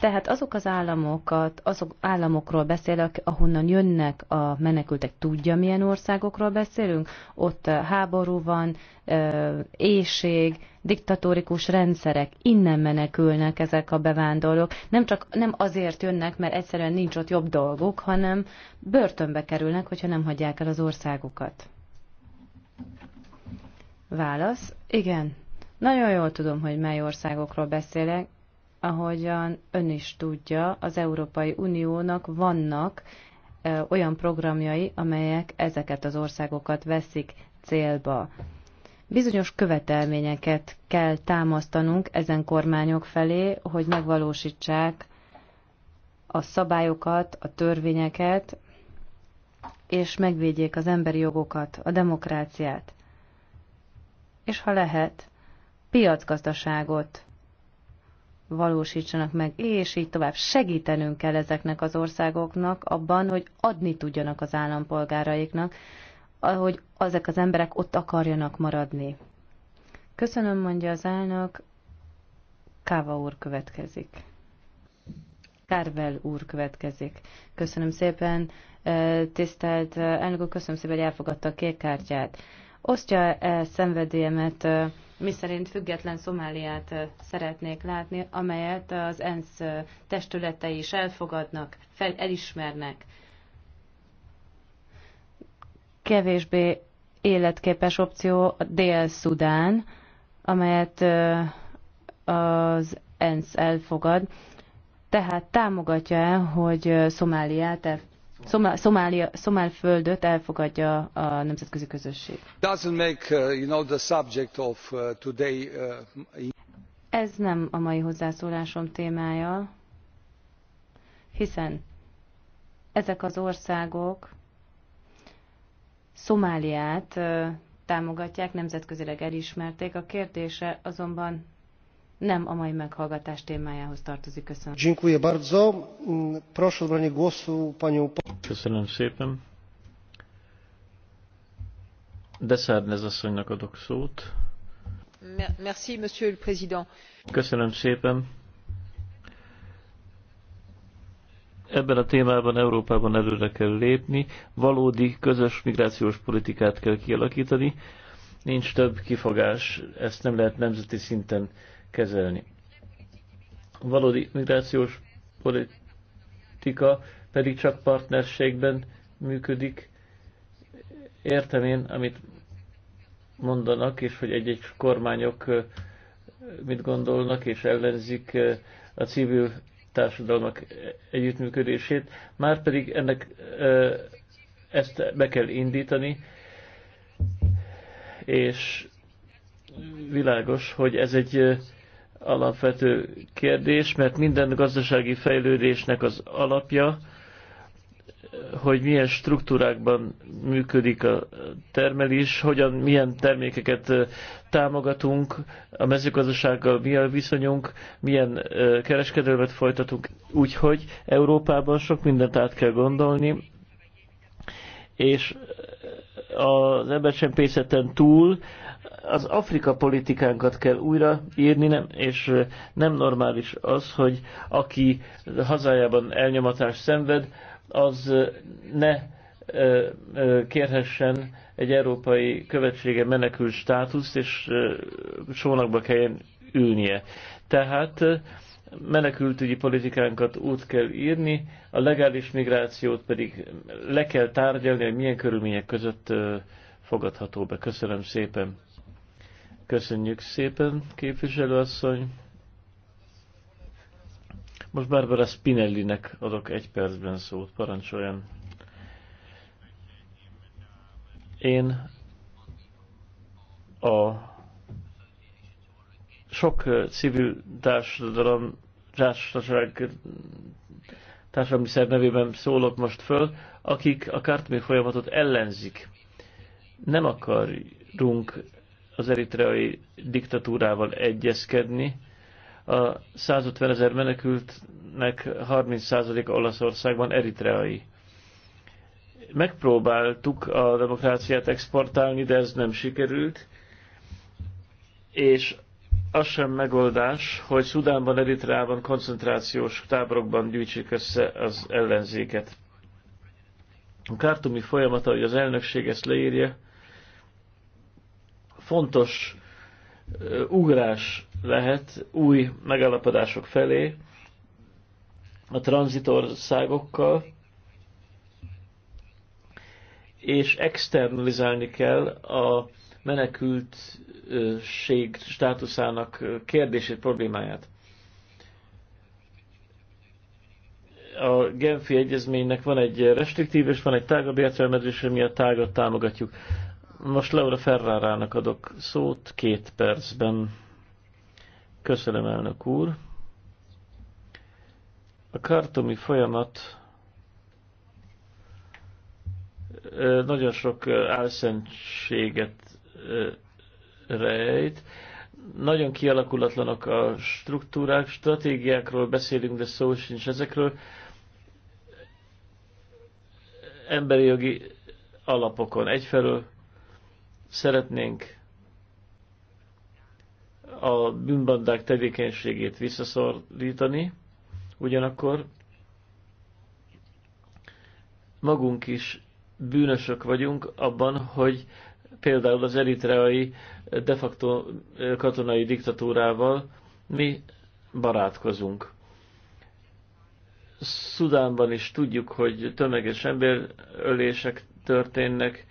tehát azok az államokat, azok államokról beszélek, ahonnan jönnek a menekültek, tudja milyen országokról beszélünk? Ott háború van, éjség, diktatórikus rendszerek, innen menekülnek ezek a bevándorlók. Nem csak nem azért jönnek, mert egyszerűen nincs ott jobb dolguk, hanem börtönbe kerülnek, hogyha nem hagyják el az országukat. Válasz. Igen. Nagyon jól tudom, hogy mely országokról beszélek, Ahogyan ön is tudja, az Európai Uniónak vannak olyan programjai, amelyek ezeket az országokat veszik célba. Bizonyos követelményeket kell támasztanunk ezen kormányok felé, hogy megvalósítsák a szabályokat, a törvényeket, és megvédjék az emberi jogokat, a demokráciát. És ha lehet, piacgazdaságot valósítsanak meg, és így tovább segítenünk kell ezeknek az országoknak abban, hogy adni tudjanak az állampolgáraiknak, ahogy ezek az emberek ott akarjanak maradni. Köszönöm, mondja az elnök. Káva úr következik. Kárvel úr következik. Köszönöm szépen, tisztelt elnök úr, köszönöm szépen, hogy elfogadta a kék kártyát. Osztja -e szenvedélyemet miszerint független Szomáliát szeretnék látni, amelyet az ENSZ testületei is elfogadnak, fel, elismernek. Kevésbé életképes opció a Dél-Szudán, amelyet az ENSZ elfogad. Tehát támogatja-e, hogy Szomáliát e- Szomál, földöt elfogadja a nemzetközi közösség. Uh, uh, uh, Ez nem a mai hozzászólásom témája, hiszen ezek az országok Szomáliát támogatják, nemzetközileg elismerték. A kérdése azonban nem a mai meghallgatás témájához tartozik. Köszönöm. Dziękuję bardzo. Proszę zabranie głosu panią... Köszönöm szépen. Deszárnez asszonynak adok szót. Merci, monsieur le président. Köszönöm szépen. Ebben a témában Európában előre kell lépni, valódi közös migrációs politikát kell kialakítani, nincs több kifogás, ezt nem lehet nemzeti szinten kezelni. A valódi migrációs politika pedig csak partnerségben működik. Értem én, amit mondanak, és hogy egy-egy kormányok mit gondolnak, és ellenzik a civil társadalmak együttműködését. Már pedig ennek ezt be kell indítani, és világos, hogy ez egy alapvető kérdés, mert minden gazdasági fejlődésnek az alapja, hogy milyen struktúrákban működik a termelés, hogyan, milyen termékeket támogatunk, a mezőgazdasággal mi a viszonyunk, milyen kereskedelmet folytatunk. Úgyhogy Európában sok mindent át kell gondolni, és az embercsempészeten túl az Afrika politikánkat kell újra írni, nem, és nem normális az, hogy aki hazájában elnyomatást szenved, az ne kérhessen egy európai követsége menekül státuszt, és sónakba kelljen ülnie. Tehát menekültügyi politikánkat út kell írni, a legális migrációt pedig le kell tárgyalni, hogy milyen körülmények között fogadható be. Köszönöm szépen! Köszönjük szépen, képviselőasszony. Most Barbara Spinellinek adok egy percben szót, parancsoljon. Én a sok civil társadalom, társaság, társadalmi szerv nevében szólok most föl, akik a Kártmi folyamatot ellenzik. Nem akarunk az eritreai diktatúrával egyezkedni. A 150 ezer menekültnek 30%-a Olaszországban eritreai. Megpróbáltuk a demokráciát exportálni, de ez nem sikerült, és az sem megoldás, hogy Szudánban, Eritreában, koncentrációs táborokban gyűjtsék össze az ellenzéket. A kártumi folyamata, hogy az elnökség ezt leírja, fontos ugrás lehet új megállapodások felé a tranzitországokkal, és externalizálni kell a menekültség státuszának kérdését, problémáját. A Genfi Egyezménynek van egy restriktív és van egy tágabb értelmezés, mi a tágat támogatjuk. Most Laura Ferrárának adok szót két percben. Köszönöm, elnök úr. A kartomi folyamat nagyon sok álszentséget rejt. Nagyon kialakulatlanak a struktúrák, stratégiákról beszélünk, de szó sincs ezekről. Emberi jogi alapokon egyfelől szeretnénk a bűnbandák tevékenységét visszaszorítani, ugyanakkor magunk is bűnösök vagyunk abban, hogy például az eritreai de facto katonai diktatúrával mi barátkozunk. Szudánban is tudjuk, hogy tömeges emberölések történnek,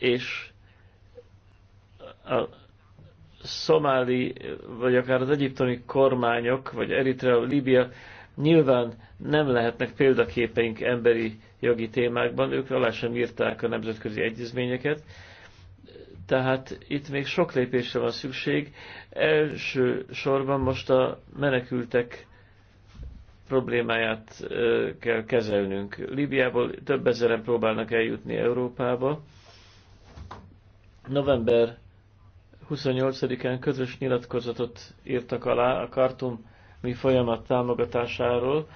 és a szomáli, vagy akár az egyiptomi kormányok, vagy Eritrea, Líbia nyilván nem lehetnek példaképeink emberi jogi témákban, ők alá sem írták a nemzetközi egyezményeket, tehát itt még sok lépésre van szükség. Első sorban most a menekültek problémáját kell kezelnünk. Líbiából több ezeren próbálnak eljutni Európába, November 28-án közös nyilatkozatot írtak alá a Kartum mi folyamat támogatásáról,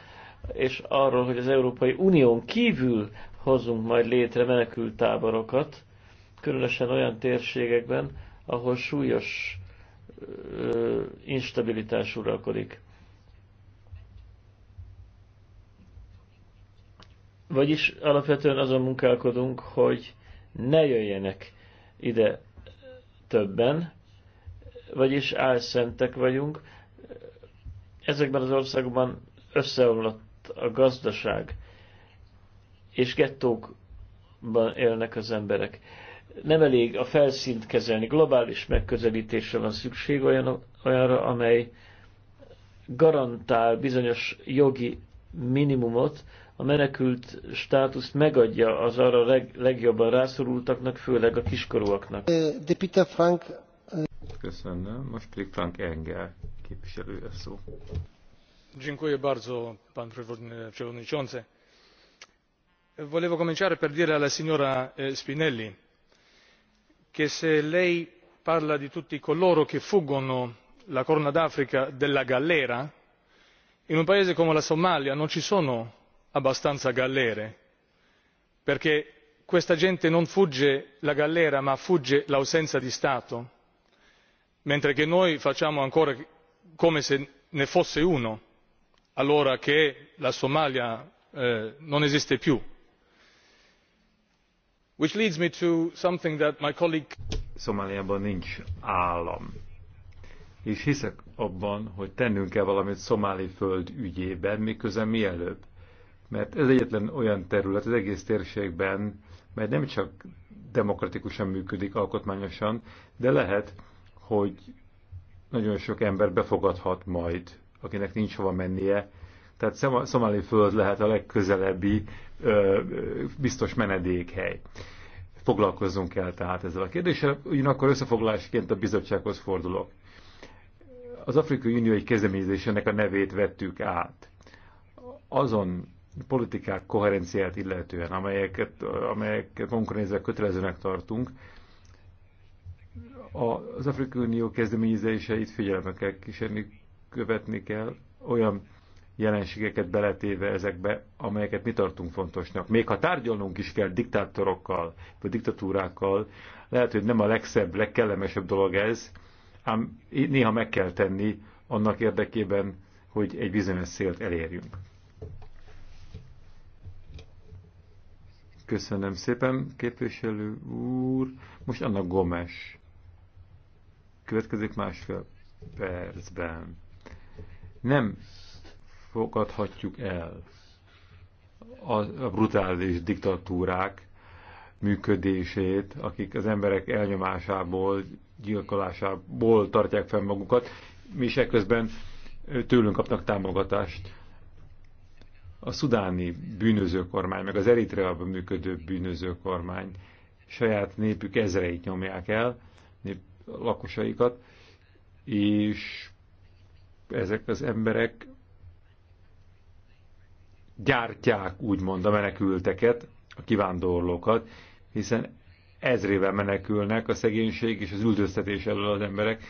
és arról, hogy az Európai Unión kívül hozunk majd létre menekültáborokat, különösen olyan térségekben, ahol súlyos ö, instabilitás uralkodik. Vagyis alapvetően azon munkálkodunk, hogy ne jöjjenek ide többen, vagyis álszentek vagyunk. Ezekben az országokban összeomlott a gazdaság, és gettókban élnek az emberek. Nem elég a felszínt kezelni, globális megközelítésre van szükség olyan, olyanra, amely garantál bizonyos jogi minimumot, a menekült státuszt megadja az arra leg, legjobban rászorultaknak, főleg a kiskorúaknak. De Peter Frank... Köszönöm. Most pedig Frank Engel képviselője szó. Dziękuję bardzo, pan przewodniczący. Volevo cominciare per dire alla signora e, Spinelli che se lei parla di tutti coloro che fuggono la Corna d'Africa della gallera, in un paese come la Somalia non ci sono abbastanza gallere perché questa gente non fugge la gallera ma fugge l'assenza di stato mentre che noi facciamo ancora come se ne fosse uno allora che la somalia eh, non esiste più. which leads me to something that my colleague. szomáliában nincs állam és hiszek abban hogy tennünk kell valamit szomáli föld ügyében miközben mielőbb mert ez egyetlen olyan terület az egész térségben, mert nem csak demokratikusan működik alkotmányosan, de lehet, hogy nagyon sok ember befogadhat majd, akinek nincs hova mennie. Tehát Szomáli föld lehet a legközelebbi ö, biztos menedékhely. Foglalkozzunk el tehát ezzel a kérdéssel, ugyanakkor összefoglalásként a bizottsághoz fordulok. Az Afrikai Unió egy kezdeményezésének a nevét vettük át. Azon politikák koherenciát illetően, amelyeket, amelyeket magunkra nézve kötelezőnek tartunk, az Afrikai Unió kezdeményezéseit figyelme kell kísérni, követni kell, olyan jelenségeket beletéve ezekbe, amelyeket mi tartunk fontosnak. Még ha tárgyalnunk is kell diktátorokkal, vagy diktatúrákkal, lehet, hogy nem a legszebb, legkellemesebb dolog ez, ám néha meg kell tenni annak érdekében, hogy egy bizonyos szélt elérjünk. Köszönöm szépen, képviselő úr. Most Anna Gomes. Következik másfél percben. Nem fogadhatjuk el a brutális diktatúrák működését, akik az emberek elnyomásából, gyilkolásából tartják fenn magukat, mi is ekközben tőlünk kapnak támogatást a szudáni bűnözőkormány, meg az Eritreában működő bűnözőkormány saját népük ezreit nyomják el, nép, lakosaikat, és ezek az emberek gyártják úgymond a menekülteket, a kivándorlókat, hiszen ezrével menekülnek a szegénység és az üldöztetés elől az emberek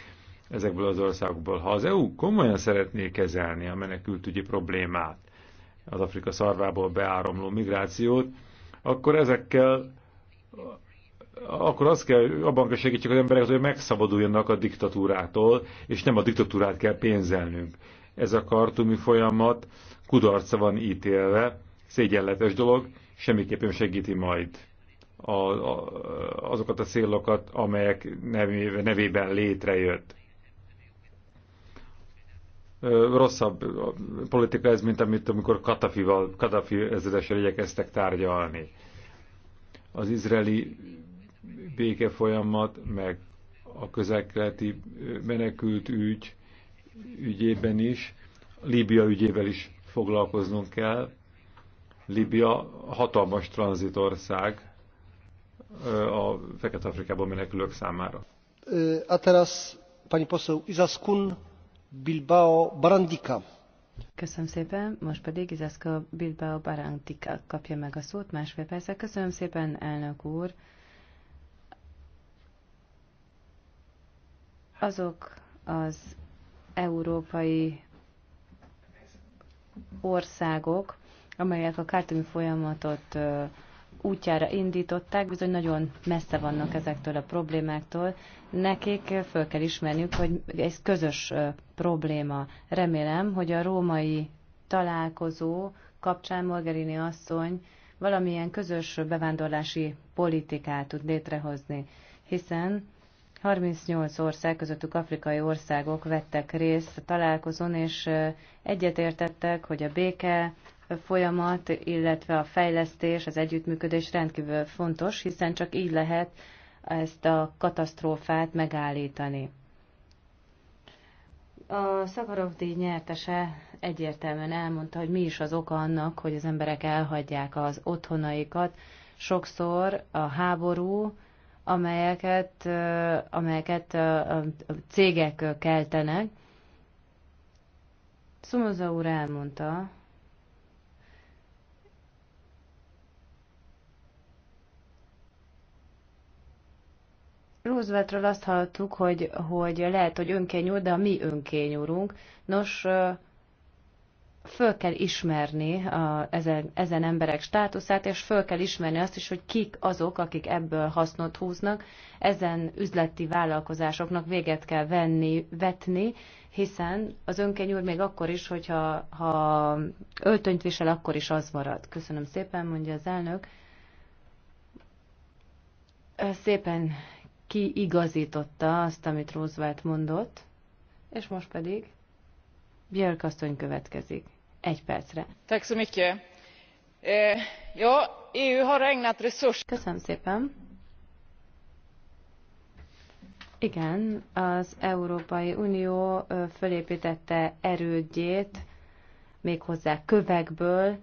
ezekből az országokból. Ha az EU komolyan szeretné kezelni a menekültügyi problémát, az Afrika szarvából beáramló migrációt, akkor ezekkel akkor azt kell, abban kell segítsük az emberek hogy megszabaduljanak a diktatúrától, és nem a diktatúrát kell pénzelnünk. Ez a kartumi folyamat kudarca van ítélve, szégyenletes dolog, semmiképpen segíti majd a, a, azokat a célokat, amelyek nevében létrejött rosszabb politika ez, mint amit amikor Katafival, Katafi ezredessel igyekeztek tárgyalni. Az izraeli béke folyamat, meg a közelkeleti menekült ügy ügyében is, Líbia ügyével is foglalkoznunk kell. Líbia hatalmas tranzitország a Fekete Afrikában menekülők számára. A teraz pani poseł Izaskun Bilbao Barandika. Köszönöm szépen, most pedig Izaska Bilbao Barandika kapja meg a szót másfél percre. Köszönöm szépen, elnök úr. Azok az európai országok, amelyek a kártumi folyamatot útjára indították, bizony nagyon messze vannak ezektől a problémáktól. Nekik föl kell ismerniük, hogy ez közös probléma. Remélem, hogy a római találkozó kapcsán Morgerini asszony valamilyen közös bevándorlási politikát tud létrehozni, hiszen 38 ország közöttük afrikai országok vettek részt a találkozón, és egyetértettek, hogy a béke, folyamat, illetve a fejlesztés, az együttműködés rendkívül fontos, hiszen csak így lehet ezt a katasztrófát megállítani. A Szakarov díj nyertese egyértelműen elmondta, hogy mi is az oka annak, hogy az emberek elhagyják az otthonaikat. Sokszor a háború, amelyeket, amelyeket a cégek keltenek. Szumoza úr elmondta, Rooseveltről azt hallottuk, hogy, hogy lehet, hogy önkényúr, de a mi önkényúrunk. Nos, föl kell ismerni a, ezen, ezen emberek státuszát, és föl kell ismerni azt is, hogy kik azok, akik ebből hasznot húznak. Ezen üzleti vállalkozásoknak véget kell venni, vetni, hiszen az önkenyúr még akkor is, hogyha ha öltönyt visel, akkor is az marad. Köszönöm szépen, mondja az elnök. Szépen kiigazította azt, amit Roosevelt mondott, és most pedig Björk asszony következik. Egy percre. Köszönöm. Eh, ja, EU har ägnat resurs... Köszönöm szépen. Igen, az Európai Unió fölépítette erődjét, méghozzá kövekből,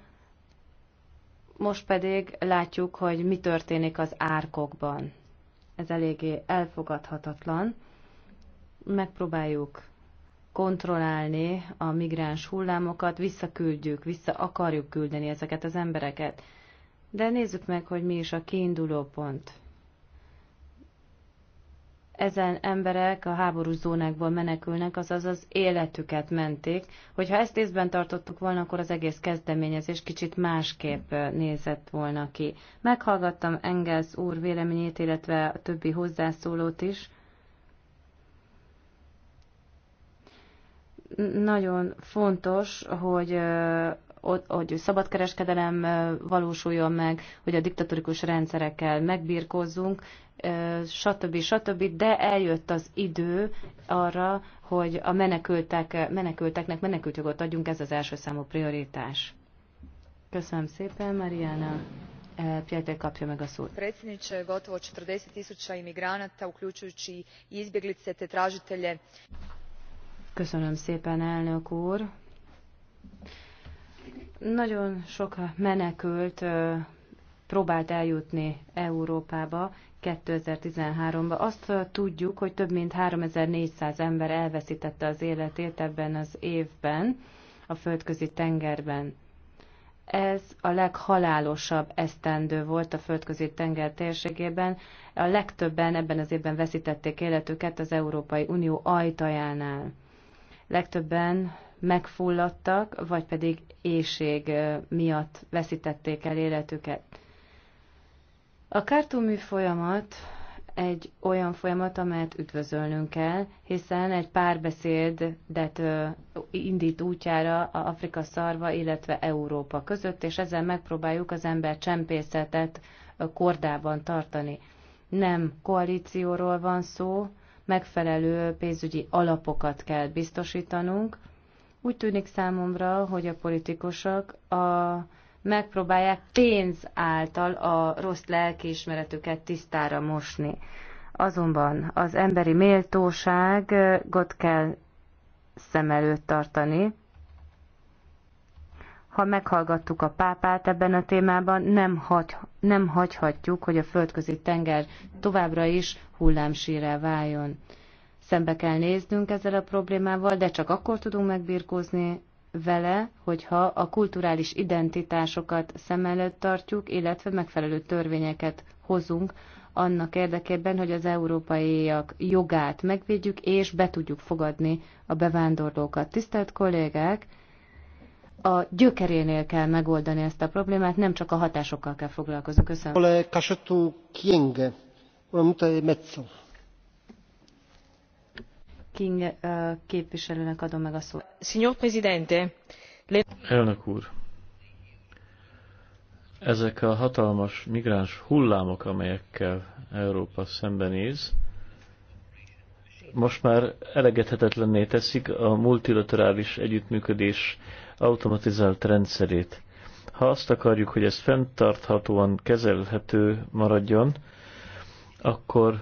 most pedig látjuk, hogy mi történik az árkokban ez eléggé elfogadhatatlan. Megpróbáljuk kontrollálni a migráns hullámokat, visszaküldjük, vissza akarjuk küldeni ezeket az embereket. De nézzük meg, hogy mi is a kiinduló pont ezen emberek a háborús zónákból menekülnek, azaz az életüket mentik. Hogyha ezt észben tartottuk volna, akkor az egész kezdeményezés kicsit másképp nézett volna ki. Meghallgattam Engels úr véleményét, illetve a többi hozzászólót is. Nagyon fontos, hogy hogy szabadkereskedelem valósuljon meg, hogy a diktatórikus rendszerekkel megbírkozzunk, stb. stb. De eljött az idő arra, hogy a menekültek, menekülteknek menekültjogot adjunk, ez az első számú prioritás. Köszönöm szépen, Mariana. Pjetek kapja meg a szót. Predsjedniče, gotovo 40 tisuća imigranata, uključujući izbjeglice te tražitelje. Köszönöm szépen, elnök úr nagyon sok menekült próbált eljutni Európába 2013-ba. Azt tudjuk, hogy több mint 3400 ember elveszítette az életét ebben az évben a földközi tengerben. Ez a leghalálosabb esztendő volt a földközi tenger térségében. A legtöbben ebben az évben veszítették életüket az Európai Unió ajtajánál. Legtöbben megfulladtak, vagy pedig éjség miatt veszítették el életüket. A kártumű folyamat egy olyan folyamat, amelyet üdvözölnünk kell, hiszen egy párbeszédet indít útjára a Afrika szarva, illetve Európa között, és ezzel megpróbáljuk az ember csempészetet kordában tartani. Nem koalícióról van szó, megfelelő pénzügyi alapokat kell biztosítanunk, úgy tűnik számomra, hogy a politikusok a, megpróbálják pénz által a rossz lelkiismeretüket tisztára mosni. Azonban az emberi méltóságot kell szem előtt tartani. Ha meghallgattuk a pápát ebben a témában, nem, hagy, nem hagyhatjuk, hogy a földközi tenger továbbra is hullámsírá váljon. Szembe kell néznünk ezzel a problémával, de csak akkor tudunk megbirkózni vele, hogyha a kulturális identitásokat szem előtt tartjuk, illetve megfelelő törvényeket hozunk annak érdekében, hogy az európaiak jogát megvédjük, és be tudjuk fogadni a bevándorlókat. Tisztelt kollégák, a gyökerénél kell megoldani ezt a problémát, nem csak a hatásokkal kell foglalkozni. Köszönöm. King képviselőnek adom meg a szót. Signor Presidente, le... Elnök úr, ezek a hatalmas migráns hullámok, amelyekkel Európa szembenéz, most már elegethetetlenné teszik a multilaterális együttműködés automatizált rendszerét. Ha azt akarjuk, hogy ez fenntarthatóan kezelhető maradjon, akkor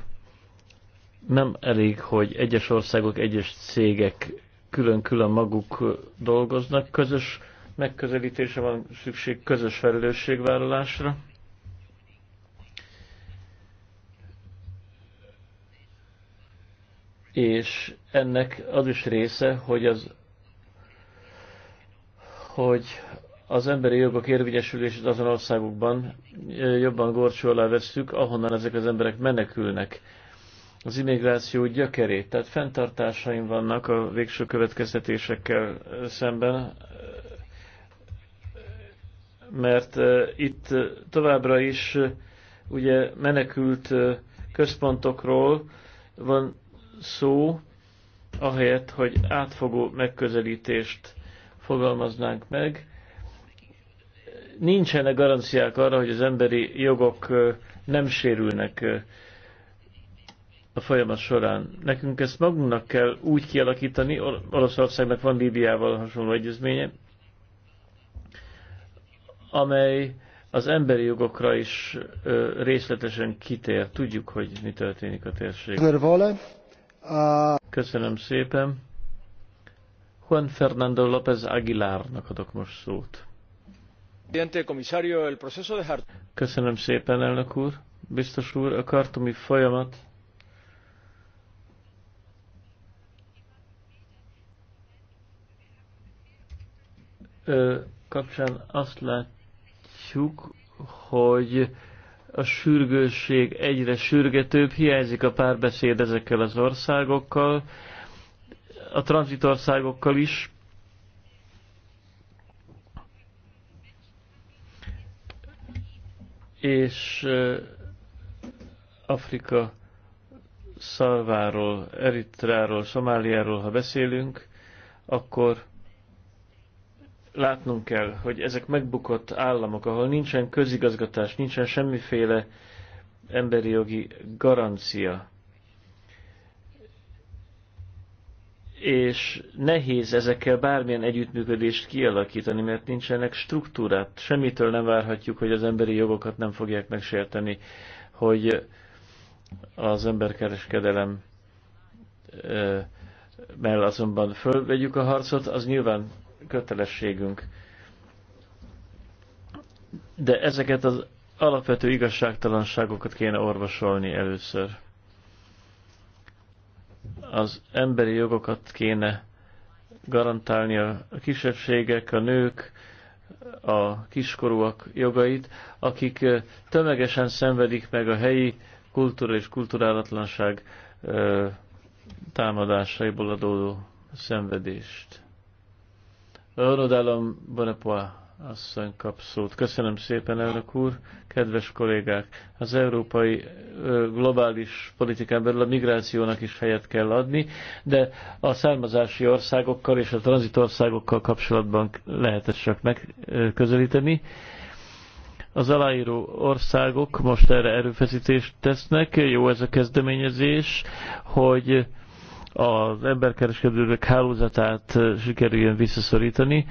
nem elég, hogy egyes országok, egyes cégek külön-külön maguk dolgoznak, közös megközelítése van szükség közös felelősségvállalásra. És ennek az is része, hogy az hogy az emberi jogok érvényesülését azon országokban eh, jobban gorcsó alá veszük, ahonnan ezek az emberek menekülnek az immigráció gyökerét. Tehát fenntartásaim vannak a végső következtetésekkel szemben, mert itt továbbra is ugye menekült központokról van szó, ahelyett, hogy átfogó megközelítést fogalmaznánk meg. Nincsenek garanciák arra, hogy az emberi jogok nem sérülnek a folyamat során. Nekünk ezt magunknak kell úgy kialakítani, Oroszországnak van Líbiával hasonló egyezménye, amely az emberi jogokra is ö, részletesen kitér. Tudjuk, hogy mi történik a térségben. Köszönöm szépen. Juan Fernando López Aguilarnak adok most szót. Köszönöm szépen, elnök úr. Biztos úr, a kartumi folyamat kapcsán azt látjuk, hogy a sürgősség egyre sürgetőbb, hiányzik a párbeszéd ezekkel az országokkal, a tranzitországokkal is. És Afrika szalváról, Eritráról, Szomáliáról, ha beszélünk, akkor látnunk kell, hogy ezek megbukott államok, ahol nincsen közigazgatás, nincsen semmiféle emberi jogi garancia, és nehéz ezekkel bármilyen együttműködést kialakítani, mert nincsenek struktúrát. Semmitől nem várhatjuk, hogy az emberi jogokat nem fogják megsérteni, hogy az emberkereskedelem mell azonban fölvegyük a harcot, az nyilván kötelességünk. De ezeket az alapvető igazságtalanságokat kéne orvosolni először. Az emberi jogokat kéne garantálni a kisebbségek, a nők, a kiskorúak jogait, akik tömegesen szenvedik meg a helyi kultúra és kulturálatlanság támadásaiból adódó szenvedést. Ronodállam Bonapua asszony kap szót. Köszönöm szépen, elnök úr, kedves kollégák! Az európai globális politikán belül a migrációnak is helyet kell adni, de a származási országokkal és a tranzitországokkal kapcsolatban lehet ezt csak megközelíteni. Az aláíró országok most erre erőfeszítést tesznek, jó ez a kezdeményezés, hogy az emberkereskedők hálózatát sikerüljön visszaszorítani,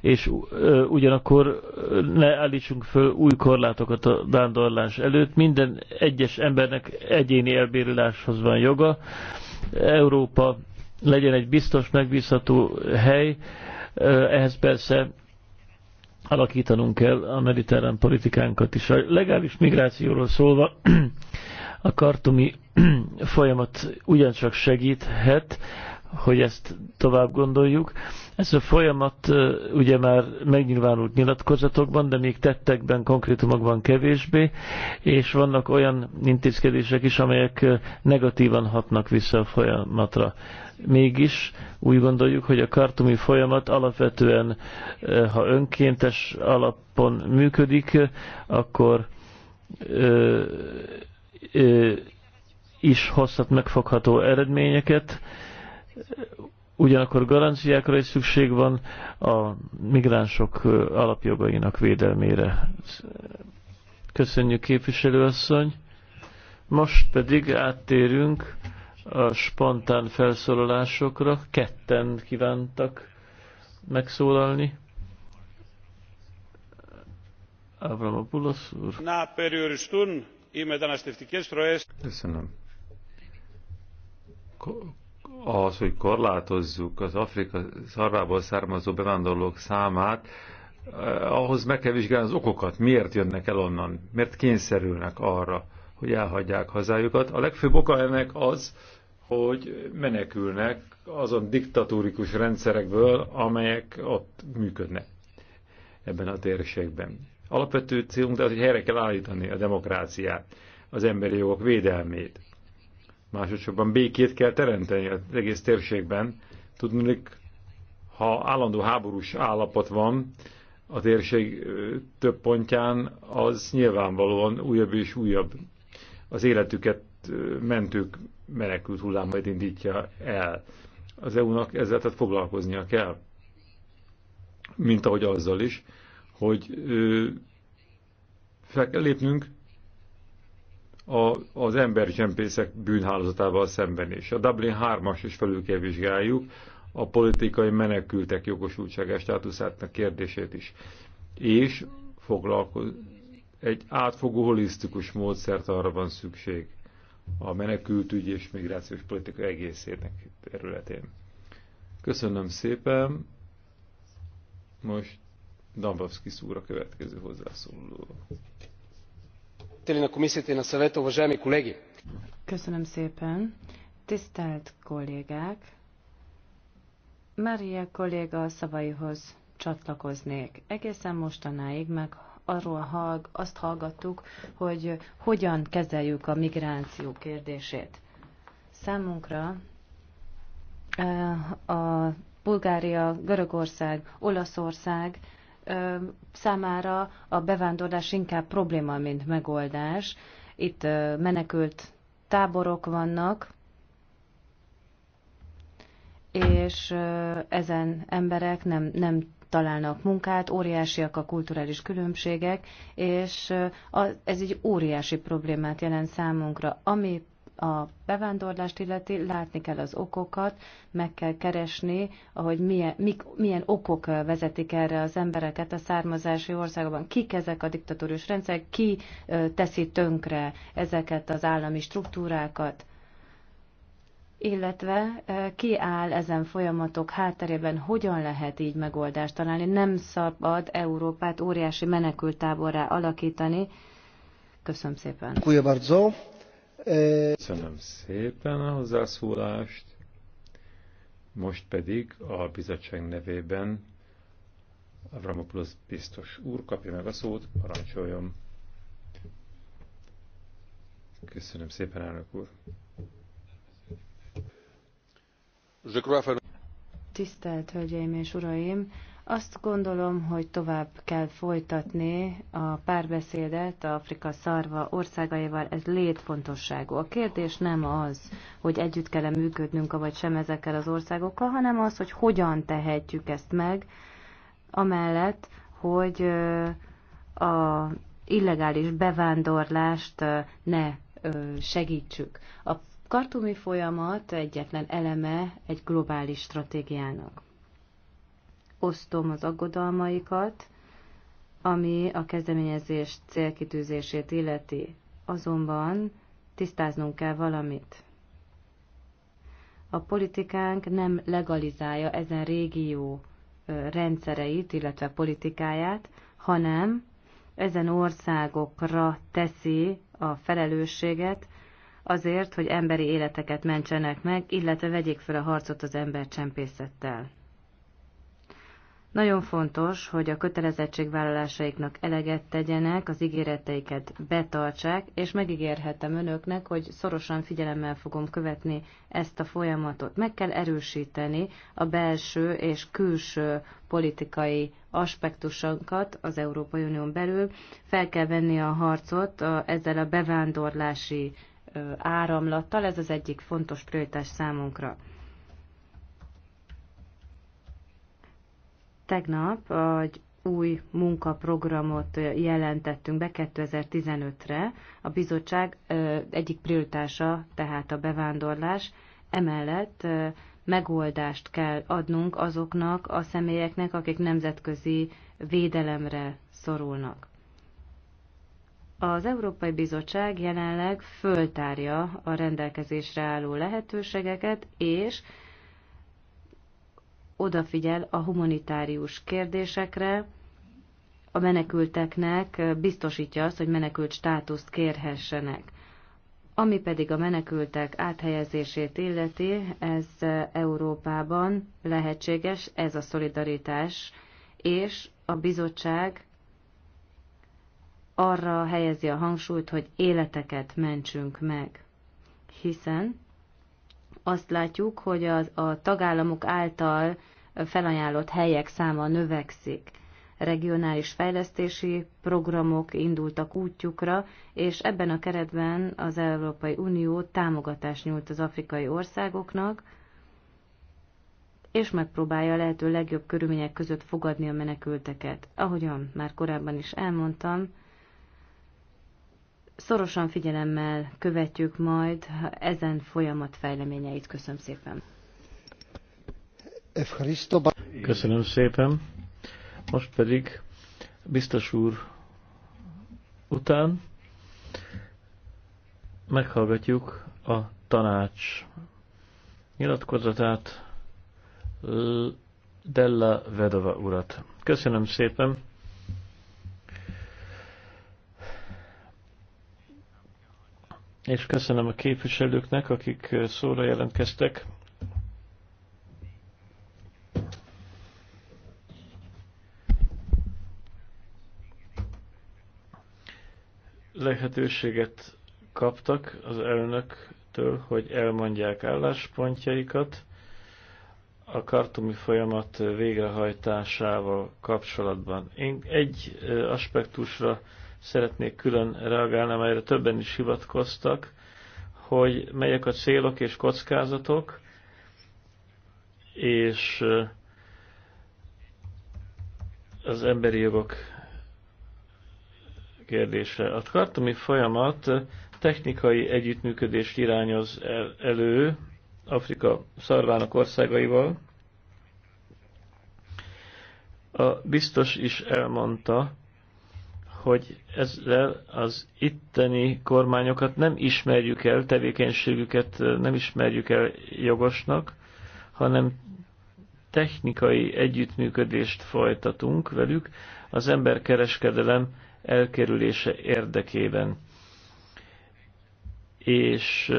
és ugyanakkor ne állítsunk föl új korlátokat a vándorlás előtt. Minden egyes embernek egyéni elbérüláshoz van joga. Európa legyen egy biztos, megbízható hely, ehhez persze alakítanunk kell a mediterrán politikánkat is. A legális migrációról szólva a kartumi [clears throat] folyamat ugyancsak segíthet, hogy ezt tovább gondoljuk. Ez a folyamat ugye már megnyilvánult nyilatkozatokban, de még tettekben, konkrétumokban kevésbé, és vannak olyan intézkedések is, amelyek negatívan hatnak vissza a folyamatra. Mégis úgy gondoljuk, hogy a kartumi folyamat alapvetően, ha önkéntes alapon működik, akkor is hozhat megfogható eredményeket, ugyanakkor garanciákra is szükség van a migránsok alapjogainak védelmére. Köszönjük képviselőasszony! Most pedig áttérünk a spontán felszólalásokra. Ketten kívántak megszólalni. Avramopulos úr. Na, Köszönöm. Az, hogy korlátozzuk az Afrika szarvából származó bevándorlók számát, eh, ahhoz meg kell vizsgálni az okokat, miért jönnek el onnan, miért kényszerülnek arra, hogy elhagyják hazájukat. A legfőbb oka ennek az, hogy menekülnek azon diktatórikus rendszerekből, amelyek ott működnek ebben a térségben. Alapvető célunk, de az, hogy helyre kell állítani a demokráciát, az emberi jogok védelmét. Másodszorban békét kell teremteni az egész térségben. Tudni, ha állandó háborús állapot van a térség több pontján, az nyilvánvalóan újabb és újabb az életüket mentők menekült hullámait indítja el. Az EU-nak ezzel tehát foglalkoznia kell, mint ahogy azzal is, hogy ö, fel kell lépnünk a, az embercsempészek bűnhálózatával szemben is. A Dublin 3-as is felül kell vizsgáljuk, a politikai menekültek jogosultságás státuszátnak kérdését is. És foglalkoz, egy átfogó holisztikus módszert arra van szükség a menekültügy és migrációs politika egészének területén. Köszönöm szépen. Most Dombrovski szúra következő hozzászóló. Köszönöm szépen. Tisztelt kollégák! Maria kolléga szavaihoz csatlakoznék. Egészen mostanáig meg arról hallg, azt hallgattuk, hogy hogyan kezeljük a migráció kérdését. Számunkra eh, a Bulgária, Görögország, Olaszország számára a bevándorlás inkább probléma, mint megoldás. Itt menekült táborok vannak, és ezen emberek nem, nem találnak munkát, óriásiak a kulturális különbségek, és ez egy óriási problémát jelent számunkra. Ami a bevándorlást illeti, látni kell az okokat, meg kell keresni, ahogy milyen, mik, milyen okok vezetik erre az embereket a származási országban. Kik ezek a diktatórius rendszerek, ki teszi tönkre ezeket az állami struktúrákat, illetve ki áll ezen folyamatok hátterében, hogyan lehet így megoldást találni. Nem szabad Európát óriási menekültáborra alakítani. Köszönöm szépen. Dziękuję bardzo. Köszönöm szépen a hozzászólást. Most pedig a bizottság nevében Avramopoulos biztos úr kapja meg a szót, parancsoljon. Köszönöm szépen, elnök úr. Tisztelt Hölgyeim és Uraim! Azt gondolom, hogy tovább kell folytatni a párbeszédet Afrika szarva országaival, ez létfontosságú. A kérdés nem az, hogy együtt kell -e működnünk, vagy sem ezekkel az országokkal, hanem az, hogy hogyan tehetjük ezt meg, amellett, hogy a illegális bevándorlást ne segítsük. A kartumi folyamat egyetlen eleme egy globális stratégiának osztom az aggodalmaikat, ami a kezdeményezés célkitűzését illeti. Azonban tisztáznunk kell valamit. A politikánk nem legalizálja ezen régió rendszereit, illetve politikáját, hanem ezen országokra teszi a felelősséget azért, hogy emberi életeket mentsenek meg, illetve vegyék fel a harcot az embercsempészettel. Nagyon fontos, hogy a kötelezettségvállalásaiknak eleget tegyenek, az ígéreteiket betartsák, és megígérhetem önöknek, hogy szorosan figyelemmel fogom követni ezt a folyamatot. Meg kell erősíteni a belső és külső politikai aspektusokat az Európai Unión belül, fel kell venni a harcot a, ezzel a bevándorlási áramlattal, ez az egyik fontos prioritás számunkra. Tegnap egy új munkaprogramot jelentettünk be 2015-re. A bizottság egyik prioritása tehát a bevándorlás. Emellett megoldást kell adnunk azoknak a személyeknek, akik nemzetközi védelemre szorulnak. Az Európai Bizottság jelenleg föltárja a rendelkezésre álló lehetőségeket, és odafigyel a humanitárius kérdésekre, a menekülteknek biztosítja azt, hogy menekült státuszt kérhessenek. Ami pedig a menekültek áthelyezését illeti, ez Európában lehetséges, ez a szolidaritás, és a bizottság arra helyezi a hangsúlyt, hogy életeket mentsünk meg. Hiszen azt látjuk, hogy az, a tagállamok által felajánlott helyek száma növekszik. Regionális fejlesztési programok indultak útjukra, és ebben a keretben az Európai Unió támogatást nyújt az afrikai országoknak, és megpróbálja a lehető legjobb körülmények között fogadni a menekülteket. Ahogyan már korábban is elmondtam, Szorosan figyelemmel követjük majd ezen folyamat fejleményeit. Köszönöm szépen. Köszönöm szépen. Most pedig biztos úr után meghallgatjuk a tanács nyilatkozatát Della Vedova urat. Köszönöm szépen! és köszönöm a képviselőknek, akik eh, szóra jelentkeztek. Lehetőséget kaptak az elnöktől, hogy elmondják álláspontjaikat a kartumi folyamat végrehajtásával kapcsolatban. Én egy eh, aspektusra szeretnék külön reagálni, amelyre többen is hivatkoztak, hogy melyek a célok és kockázatok, és az emberi jogok kérdése. A kartomi folyamat technikai együttműködést irányoz elő Afrika szarvának országaival. A biztos is elmondta, hogy ezzel az itteni kormányokat nem ismerjük el, tevékenységüket nem ismerjük el jogosnak, hanem technikai együttműködést folytatunk velük az emberkereskedelem elkerülése érdekében. És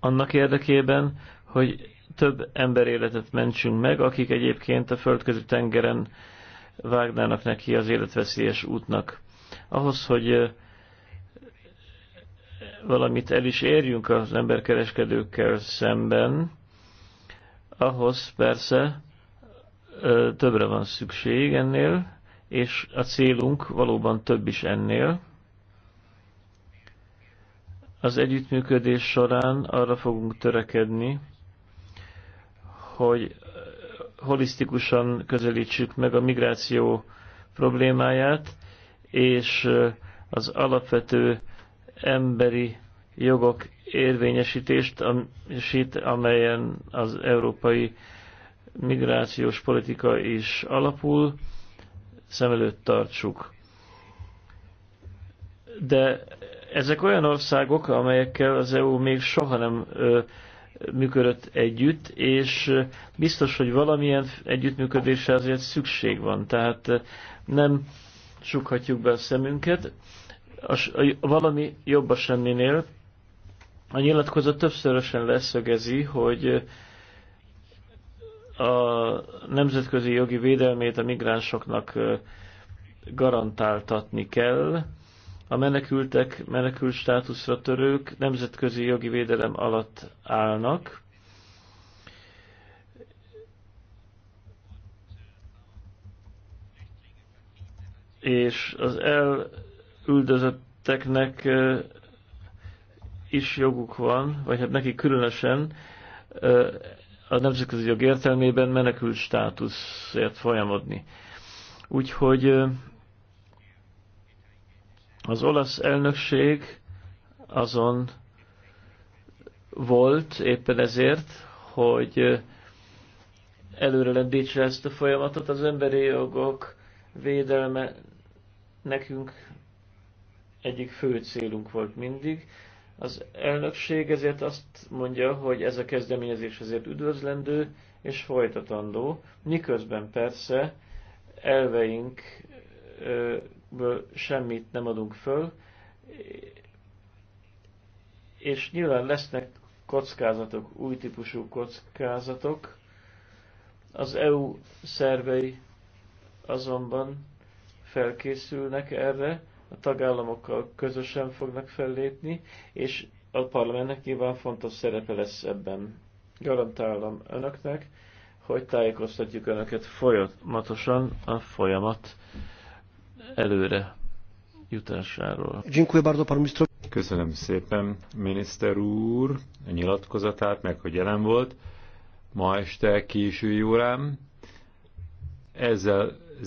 annak érdekében, hogy több emberéletet mentsünk meg, akik egyébként a földközi tengeren vágnának neki az életveszélyes útnak. Ahhoz, hogy valamit el is érjünk az emberkereskedőkkel szemben, ahhoz persze többre van szükség ennél, és a célunk valóban több is ennél. Az együttműködés során arra fogunk törekedni, hogy holisztikusan közelítsük meg a migráció problémáját, és az alapvető emberi jogok érvényesítést, amelyen az európai migrációs politika is alapul, szem előtt tartsuk. De ezek olyan országok, amelyekkel az EU még soha nem ö, működött együtt, és biztos, hogy valamilyen együttműködésre azért szükség van, tehát nem sukhatjuk be a szemünket. A, a, valami jobb a semminél. A nyilatkozat többszörösen leszögezi, hogy a nemzetközi jogi védelmét a migránsoknak garantáltatni kell, a menekültek, menekült státuszra törők nemzetközi jogi védelem alatt állnak. És az elüldözötteknek is joguk van, vagy hát neki különösen a nemzetközi jog értelmében menekült státuszért folyamodni. Úgyhogy az olasz elnökség azon volt éppen ezért, hogy előre lendítse ezt a folyamatot. Az emberi jogok védelme nekünk egyik fő célunk volt mindig. Az elnökség ezért azt mondja, hogy ez a kezdeményezés ezért üdvözlendő és folytatandó, miközben persze elveink ből semmit nem adunk föl, és nyilván lesznek kockázatok, új típusú kockázatok. Az EU szervei azonban felkészülnek erre, a tagállamokkal közösen fognak fellépni, és a parlamentnek nyilván fontos szerepe lesz ebben. Garantálom önöknek, hogy tájékoztatjuk önöket folyamatosan a folyamat előre jutásáról. Köszönöm szépen, miniszter úr, a nyilatkozatát, meg hogy jelen volt. Ma este késői órám. Ezzel